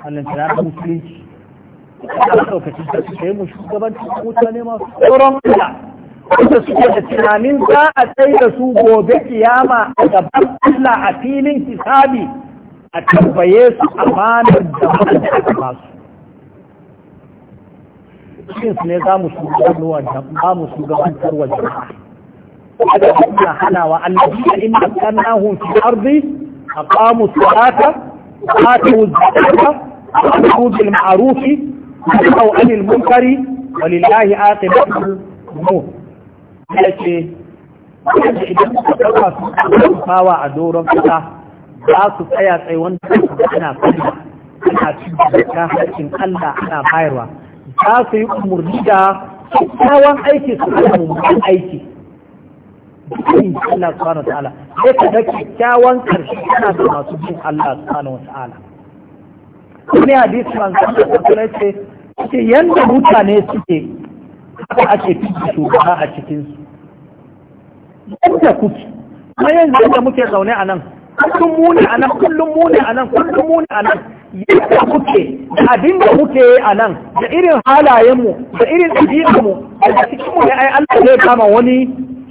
wannan tana da musulunci a lokacin da suka yi mu shugabancin mutane masu tsoron kula wanda suke da tunanin za a tsaye da su gobe kiyama a gaban Allah a filin hisabi a tambaye su amanar da aka ba cikin ne za mu shugabantar wa jama'a kada suna hanawa annabiya in makkannahum fi ardi aqamu salata atu zakata amru bil ma'ruf wa nahu 'anil munkari walillahi aqibatu ya yace idan suka kafa su kawa a doron kasa za su tsaya tsaye wanda ana kuma ana cin da ta hakkin Allah ana bayarwa za su yi umarni da kyakkyawan aiki su yi mummunan aiki bin Allah subhanahu wa ta'ala sai ka da kyakkyawan karshe yana da masu bin Allah subhanahu wa ta'ala wani hadisi man zanta da kuma ce ce yanda mutane suke haka ake fiye shugaba a cikinsu yadda kuke kuma yanzu yadda muke zaune a nan kullum muni a nan kullum muni a nan kullum muni a nan yadda kuke da abin da kuke a nan da irin halayenmu da irin ɗabi'armu da cikinmu ne ai Allah zai kama wani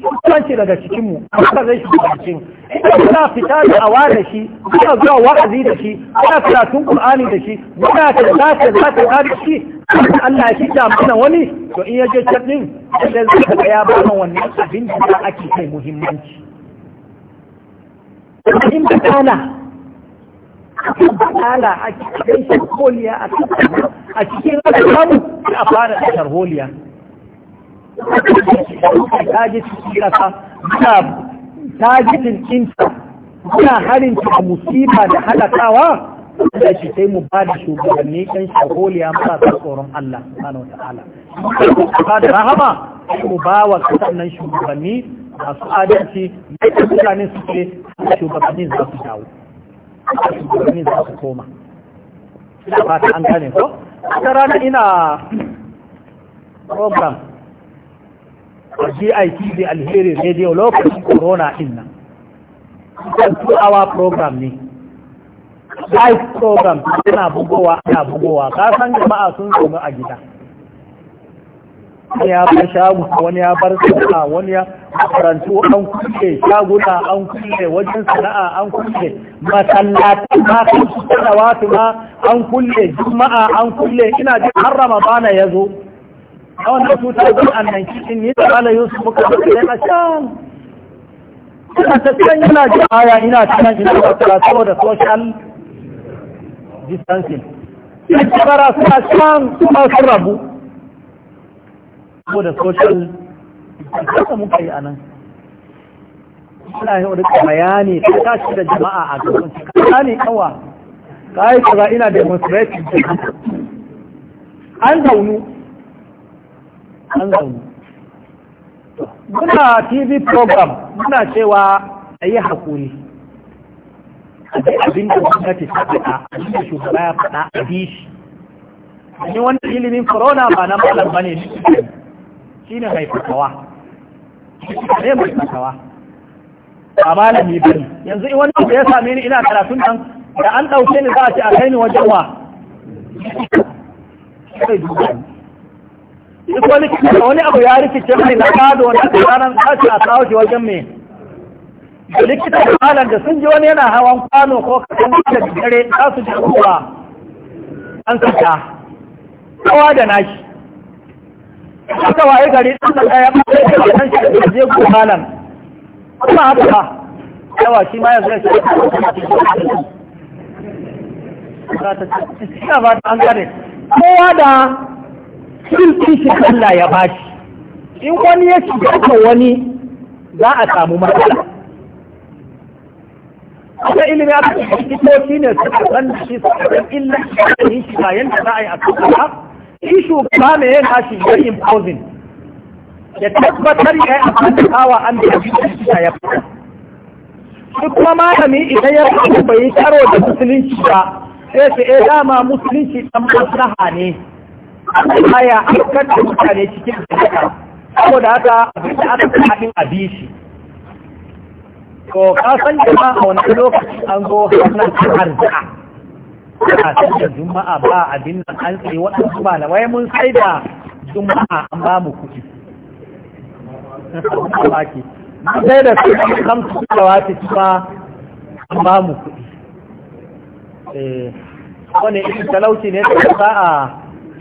kusanci daga cikinmu haka zai shi cikin kuna fita da awa da shi kuna zuwa wa'azi da shi kuna karatun qur'ani da shi kuna ta da ta da ta da shi Allah ya kita mana wani to in ya je can sai zai ga ya ba wannan abin da ake kai muhimmanci in ka tana ala a cikin sharholiya a cikin alamu a fara da sharholiya ta ji harin ta musiba da halakawa da shi sai mu ba da shugabanni kan sharholiya marasa tsoron Allah subhanahu wa ta'ala ba da rahama mu ba wa kasan nan shugabanni masu adalci yadda mutane suke shugabannin za su dawo shugabannin za su koma ina fata an gane ko ta rana ina program a GITV alheri radio lokacin corona din nan kan two hour program ne live program yana bugowa ana bugowa ka san jama'a sun zama a gida wani ya bar shago wani ya bar sana'a wani ya karantu an kulle shaguna an kulle wajen sana'a an kulle masallata ma kan su wasu ma an kulle juma'a an kulle ina jin harrama bana ya zo a wannan tutar zan annan kicin ni da ala yusuf muka da kai a can ina ta can yana jin aya ina ta nan ina ta karatu da social distancing. Ina ta suna can kuma sun rabu. ko da social kasa muka yi a nan suna yi wadda bayani ta tashi da jama'a a gaban ka ne kawa ka yi kaza ina demonstrating an zaunu an zaunu muna tv program muna cewa a yi hakuri a abin da gwamnati ta faɗa abin da shugaba ya fada a bi shi wani ilimin corona ba na malam bane ne shine mai fatawa ne mai fatawa ba malami bari yanzu in wannan ya same ni ina karatun nan da an ɗauke ni za a ce a kai ni wajen wa in ko likita da wani abu ya rikice mai na gado na tsananan sashi a kawo shi wajen mai da likita da malam da sun ji wani yana hawan kwano ko kasan da dare za su ji kowa an kasa kowa da nashi aka waye gari ɗan ɗaya ɓangare da ɗan shi da je ku malam kuma haka yawa shi ma yanzu ya ce ina ba ta an gane kowa da kirki shi Allah ya bashi in wani ya shiga ka wani za a samu matsala ita ilimi aka shi ne suka san shi suka san illa shi bayan da za a yi a cikin Ishu ba mai yana shi ya imposing ya tabbatar ya yi amfani kawa an da ya ya fita shi kuma malami idan ya fita bai yi karo da musulunci ba sai su e eh, dama musulunci dan maslaha ne Aya ya aikar da mutane cikin zaka saboda haka abin da aka haɗin abi shi to ka san jama'a wani lokaci an zo hannun arzika ana da juma'a ba abin nan an tsaye waɗansu ba wai mun sai da juma'a an ba mu kuɗi sai da su an kamsu da wata kuma an ba mu kuɗi eh, wani ita talauci ne ta kasa a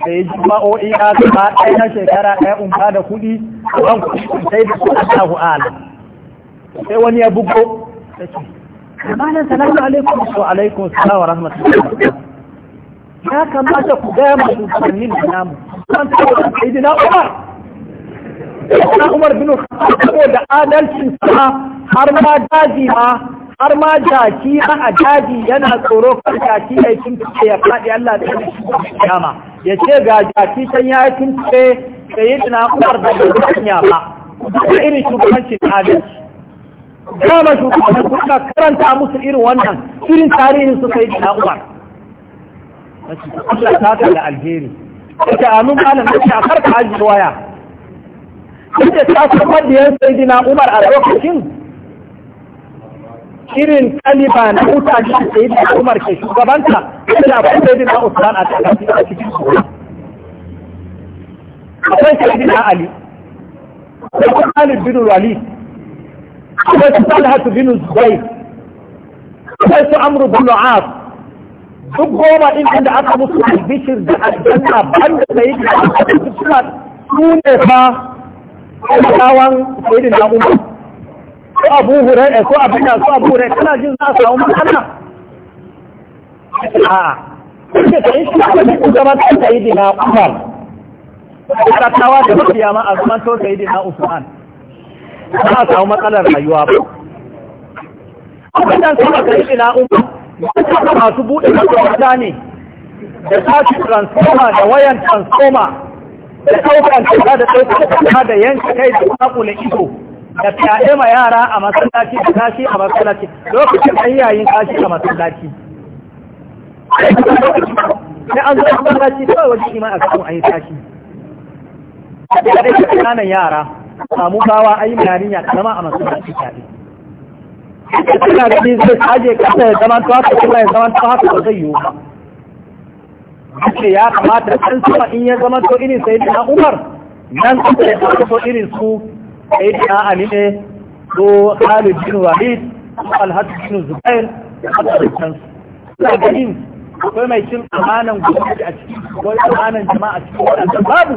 sai juma'o'i a gaba ɗaya na shekara ɗaya ba da kuɗi ban kuɗi sai da su a ta'ahu ala sai wani ya bugo ta ce kamanin salamu alaikum wa alaikum wa rahmatullahi ya kamata ku gaya ma namu kan Umar bin da adalcin sa har ma daji ma har ma jaki ma a daji yana tsoro kan jaki ya tuntuɓe ya faɗi Allah da shi ya ce ga jaki can ya tuntuɓe Umar da bai ba da irin shugabancin adalci kama kuma kuka karanta musu irin wannan irin tarihin su kai da umar Allah ta ta da aljeri ita amin malam ta karka aji waya ita ta kuma da yan sayyidina umar a lokacin irin kaliba na mutane da umar ke shugabanta da akwai sayyidina usman a cikin a cikin akwai sayyidina ali akwai Ali bin Walid akwai su talhatu bin zubair akwai su amru bin lu'as duk goma din da aka musu albishir da aljanna banda sai da aka suna sune fa kawan sayyidin na umar ko abu hurairah ko abinda ko abu hurairah kana jin za a samu a'a kuke ta yi shi ne zama ta sayyidina umar ta tawa da mafiya ma a zaman to sayyidina usman ba a samu matsalar rayuwa ba abin da sama kai ila umma wata masu buɗe makaranta ne da tashi transformer da wayan transformer da ɗaukar kaza da ɗaukar ta da yanka kai da kakule ido da fyaɗe ma yara a matsalaci da tashi a matsalaci. lokacin an yayin kashi a matsalaci. sai an zo masallaci kawai wajen iman a kasan an yi kashi da ɗaukar yara samu bawa a yi ya karama a masallaci tare suna ɗin zai saje kasa ya zama tuwa ta kuma ya zama tuwa haka ba zai yi wa. ake ya kamata ɗan sama in ya zama to irin sai na umar nan kuma yi zama to irin su sai na amine ko khalid bin walid ko alhaji bin zubair da haka da kansu da ɗin akwai mai cin amanan gudu a cikin wani amanan jama'a cikin babu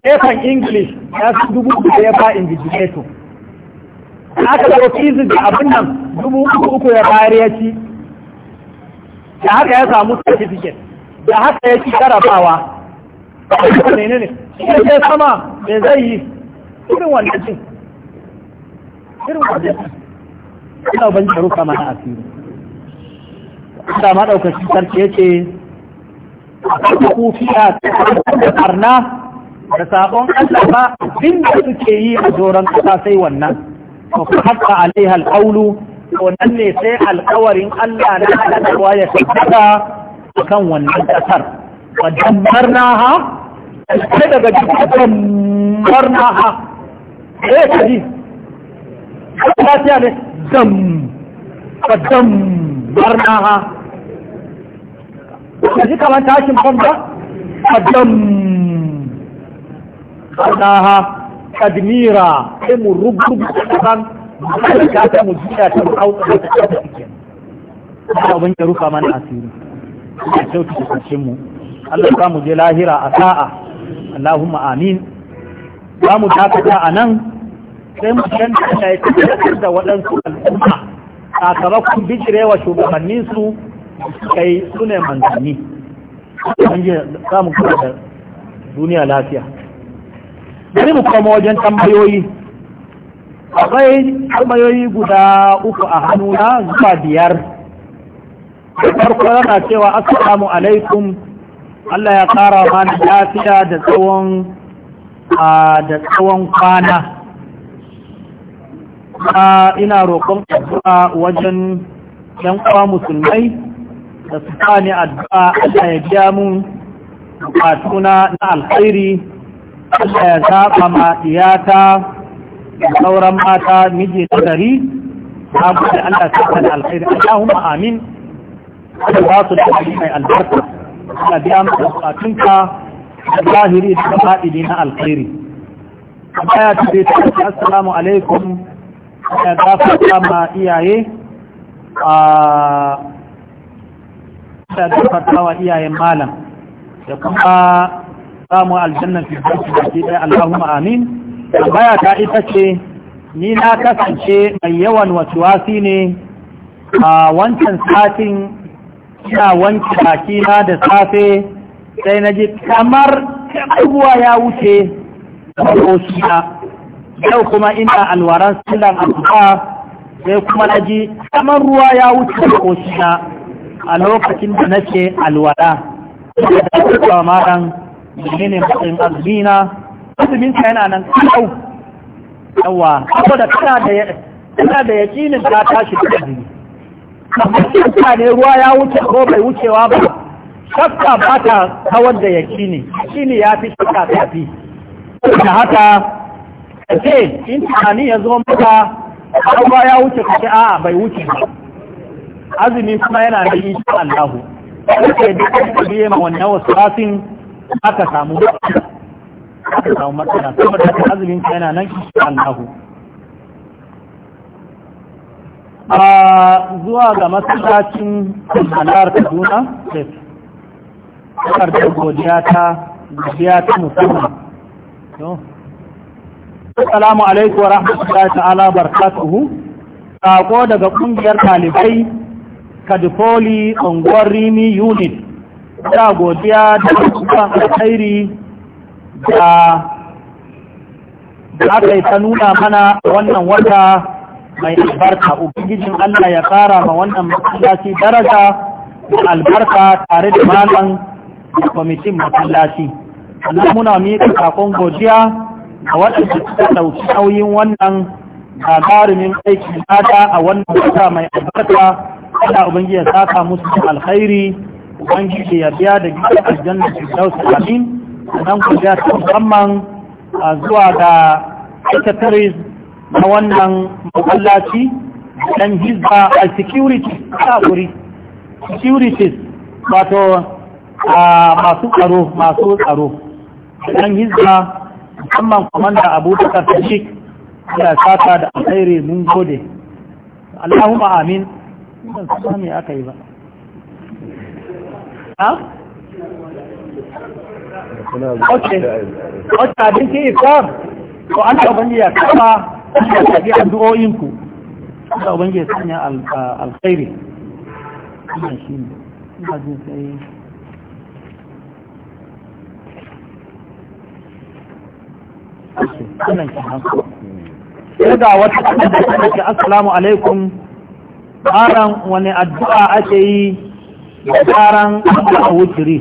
Stefan English ya su dubu uku da ya ba indigeneto. Aka zo physics da abin nan dubu uku uku ya bayar ya ci. Da haka ya samu certificate. Da haka ya ci karafawa. Ne ne ne. Shi ne sama me zai yi. Irin wannan jin? Irin wannan jin? Ina ban rufa na asiri. Allah maɗaukacin sarki ya ce, "Ku fiya ta ƙarna da sabon Allah ba abin da suke yi a doron kasa sai wannan to fa hatta alaiha alqawlu to nan ne sai alƙawarin Allah na halalarwa ya tabbata akan wannan kasar wa dammarnaha sai daga cikin dammarnaha eh kaji Allah ya ne dam wa dammarnaha kaji kamar tashin bamba wa dammarnaha sai mu فقدناها تدميرا كم الرب كتبا مكالكات مجيئة أو تكتبت Allah ban ya rufa mana asiri a kyautu da karshen mu Allah za mu je lahira a sa'a Allahumma amin za mu dakata a nan sai mu can da ya tabbatar da waɗansu al'umma sakamakon wa shugabannin su kai su ne manzanni za mu kula da duniya lafiya bari mu koma wajen tambayoyi akwai tambayoyi guda uku a hannuna zuwa biyar farko yana cewa assalamu alaikum Allah ya kara mana lafiya da tsawon da tsawon kwana ina roƙon addu'a wajen yan uwa musulmai da su sani addu'a Allah ya biya mun bukatuna na alkhairi Allah ya zaɓa maɗiyata da sauran mata miji na gari na gudu Allah ta kan alkhairi Allahumma amin da ba su da abin mai albarka Allah biya maka bukatunka da zahiri da fa'idi na alkhairi Allah ya tafi ta ce assalamu alaikum ya gafarta ma iyaye a da gafarta wa iyayen malam da kuma samu aljannan fi da ke ɗaya Allahumma amin tambaya ta ita ce ni na kasance mai yawan wasi ne a wancan satin ina wanke bakina da safe sai na ji kamar abubuwa ya wuce da makosina yau kuma ina alwaran silan abuwa sai kuma na ji kamar ruwa ya wuce da makosina a lokacin da nake alwada da ta maran menene matsayin azumi na azumin yana nan kau yawa saboda kana da kana da yakinin ta tashi da azumi kamar ta ne ruwa ya wuce ko bai wucewa ba shakka ba ta kawar da yakini yakini ya fi shakka ta fi da haka ce in tunani ya zo maka ruwa ya wuce ka a bai wuce ba azumi kuma yana da insha Allah. Kake da kake biye ma wannan wasu aka samu aka samu matsala saboda haka azumin ka yana nan shi Allah a zuwa ga masallacin ta Kaduna State da godiya ta godiya ta musamman Assalamu alaikum wa rahmatullahi ta'ala barakatuhu Sako daga ƙungiyar ɗalibai Kadifoli Unguwar Rimi Unit da godiya da kusan alkhairi da aka yi ta nuna mana wannan wata mai albarka ubangijin Allah ya kara ma wannan masallaci daraja da albarka tare da malan da kwamitin masallaci ana muna miƙa sakon godiya a waɗanda suka ɗauki nauyin wannan gagarumin aikin nata a wannan wata mai albarka Allah ubangiji ya saka musu alkhairi ubangiji ya biya da gidan aljanna su dausa amin nan ku ja ta musamman zuwa ga secretaries na wannan mahallaci dan hizba a security kafuri securities wato masu tsaro masu tsaro dan hizba musamman kwamanda da tashik da sata da alkhairi mun gode Allahumma amin. su aka yi ba. wata abin ke an ya kama ya an ya sanya alkhairi ina shi ne ina jin sai sunan ki hanku sai ga wata asalamu alaikum ƙaran wani addu'a ake yi da tsaran a wuturi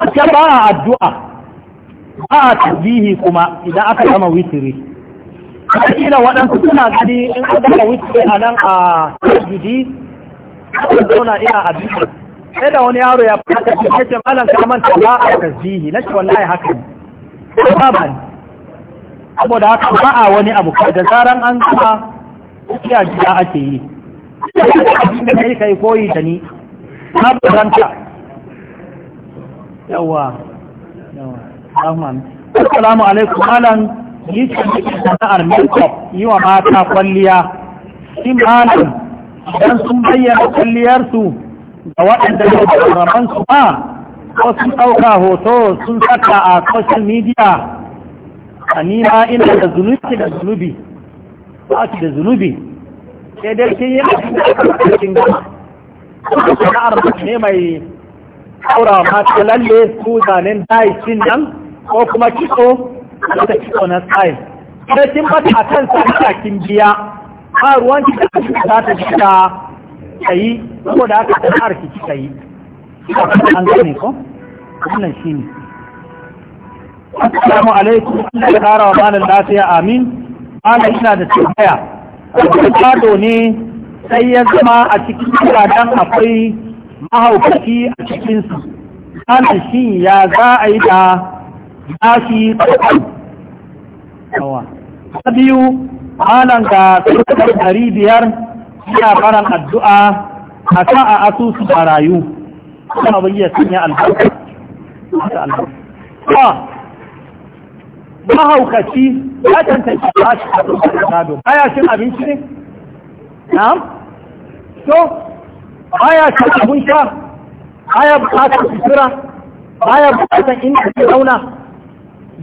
ake ba a addu'a ba a tasbihi kuma idan aka gama wuturi kila waɗansu suna gani in aka gama wuturi a nan a tajudi aka zauna ina a addu'a sai da wani yaro ya fata shi ya ce malam ka manta ba a tasbihi na ce wallahi haka ne ba ba ne saboda haka ba a wani abu da zaran an gama tafiya gida ake yi kai kai koyi da ni na baranta yawa yawa assalamu alaikum malam yi cikin sana'ar makeup yi wa mata kwalliya shi malam idan sun bayyana kwalliyarsu ga waɗanda ya raman su ba ko sun ɗauka hoto sun saka a social media a nina ina da zunubi da zunubi ba da zunubi sai dai kin yi abin da aka faɗa kin gama sana'ar ne mai aura masu lalle su zanen dai cin nan ko kuma kitso ta kitso na style sai kin bata a kan sana'a kin biya ba ruwan ki da za ta ji ta ko da aka sana'ar ki kika yi an gane ko wannan shine Assalamu alaikum, Allah ya kara wa malam lafiya amin. Ana ina da tambaya. akwai gado ne sai ya zama a cikin kiradan akwai mahaukaci a cikinsu kanan shi ya za a yi da nashi tsakan ta biyu kanan ga tsarkar ɗari biyar ya faran addu'a a sa a asusu a rayu kuma abin albarka mahaukaci ya tantance ba shi a tsohon gado baya cin abinci ne na'am so baya cin abin sha baya bukatar sutura baya bukatar inda zai zauna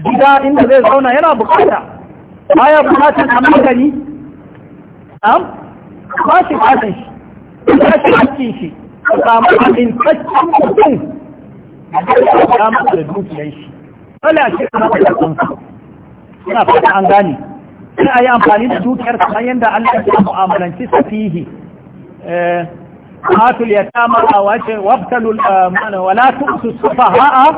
gida inda zai zauna yana bukata baya bukatar amfani na'am ba shi bukatar shi ba shi hakkin shi ba samu abin tsaccin mutum da zai samu da dukiyar shi fala ce kuma da kun ina fata an gani, sai ayi amfani da dukiyar kamar yanda Allah ya mu'amalanci safihi eh hatul yatama awaje wabtalul amana eh, wala tuksu sufaha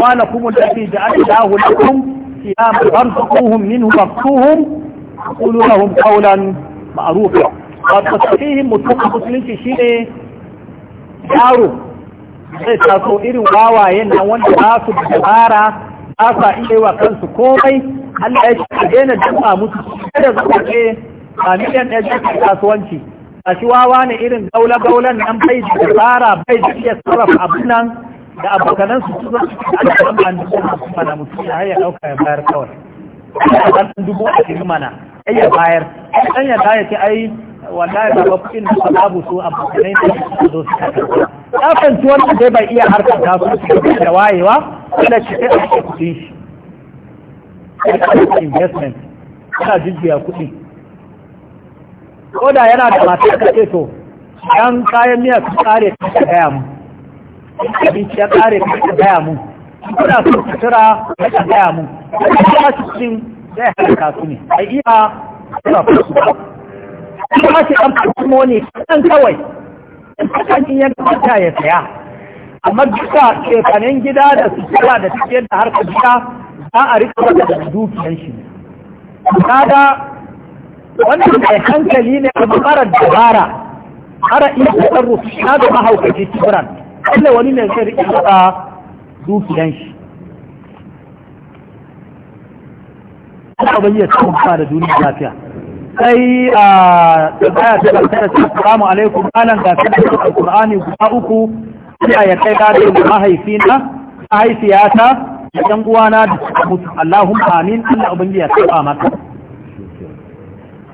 wa lakum allati ja'alallahu lakum siyam farzuquhum minhu faqtuhum qulu lahum qawlan ma'rufa wa tasfihim mutuqa muslimin shine yaro sai ta so irin wawayen nan wanda za su fara. ba sa iya wa kansu komai Allah ya ce a daina jama'a musu da su kaje a miliyan ɗaya jirgin kasuwanci a shi wawa ne irin gaula gaulan nan bai da tsara bai da iya sarrafa abin nan da abokanan su su zai Allah ya ba ni mana ya haya dauka ya bayar kawai a ɗan dubu a cikin mana ai ya bayar dan ya da ya ce ai wallahi ba ba kuɗin da babu su abokanai ne su zo su karɓa ya fahimci wannan dai bai iya harkar kasuwanci da wayewa ana shi sai ake kuɗi shi sai ake investment ana jijjiya kuɗi ko da yana da masu aka ce to yan kayan miya su kare ta gaya mu abinci ya kare ta gaya mu kuna so su tura ta gaya mu kuma su cikin zai halaka su ne a iya suna fasu kuma shi ɗan fasu ne ɗan kawai kan yin yanka ya saya amma duka shekanen gida da sutura da cikin da harka gida za a rika da dukiyar shi kaga wannan mai hankali ne a makarar dabara ara iya shi, na da mahaukaci tibiran kalla wani ne zai rike masa dukiyan shi Allah bai iya samun ba da duniya lafiya sai a tsaya ta tsaya ta assalamu alaikum alan ga kan alqur'ani guda uku ina ya kai gadon da mahaifina mahaifiyata da ɗan uwana da suka mutu Allahumma amin Allah ubangiji ya saba maka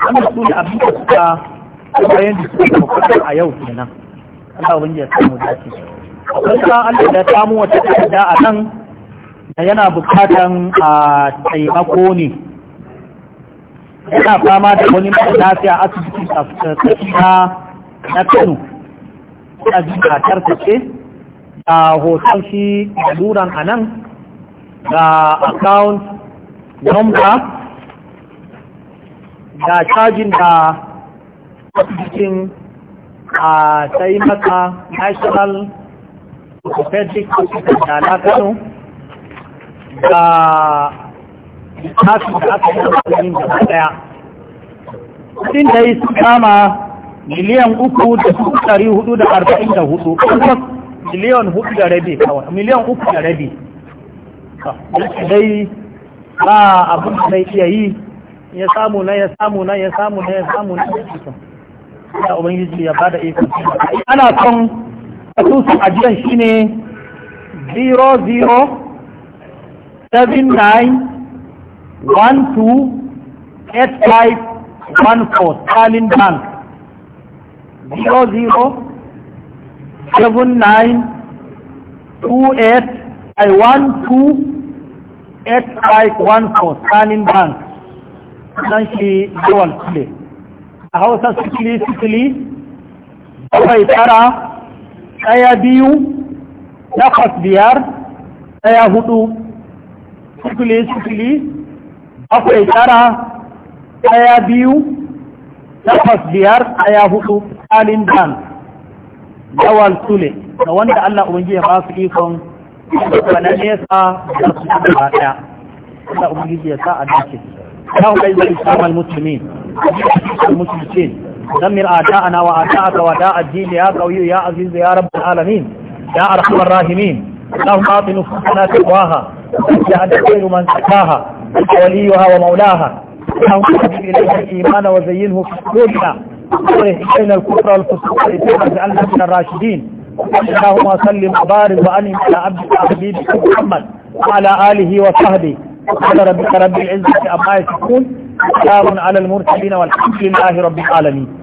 wannan su abin da suka bayan da suka mukuta a yau kenan Allah ubangiji ya samu dace akwai sa Allah da samu wata takarda a nan da yana bukatan a taimako ne yana fama da wani mara lafiya asibiti a na Kano a da karta ce da hotel shi duran a nan da account number da cajin da cikin a sai maka national orthopedic hospital da lakano da tafi da aka yi da daya kudin da yi su kama miliyan uku da ɗari hudu da arba'in da hudu miliyan hudu da rabi kawai miliyan uku da rabi yake dai ba abin da zai iya yi ya samu na ya samu na ya samu na ya samu na ya ubangiji ya bada ikon ana son asusun ajiyar shi shine 0079128514 Stalin Bank zero 2 seven nine two eight I one Bank nan shi yawan kule a hausa sikili sikili bakwai tara biyu takwas biyar ɗaya hudu sikili sikili bakwai tara ɗaya biyu takwas biyar ɗaya hudu Alin Dan Dawal Sule da wanda Allah ubangiji ya ba su ikon wani nesa da su ba daya Allah ubangiji ya sa a dace ya hukai zai samun musulmi المسلمين دمر آداءنا وآداءك وداء الدين يا قوي يا عزيز يا رب العالمين يا أرحم الراحمين اللهم أعط نفوسنا تقواها وجعل خير من زكاها وليها ومولاها اللهم أعطنا إليها الإيمان وزينه في قلوبنا وإحيينا الكفر والفسوق والإسلام جعلنا من الراشدين اللهم صل وبارك وأنعم على عبدك وحبيبك محمد وعلى آله وصحبه سبحان ربك رب العزة عما يصفون سلام على المرسلين والحمد لله رب العالمين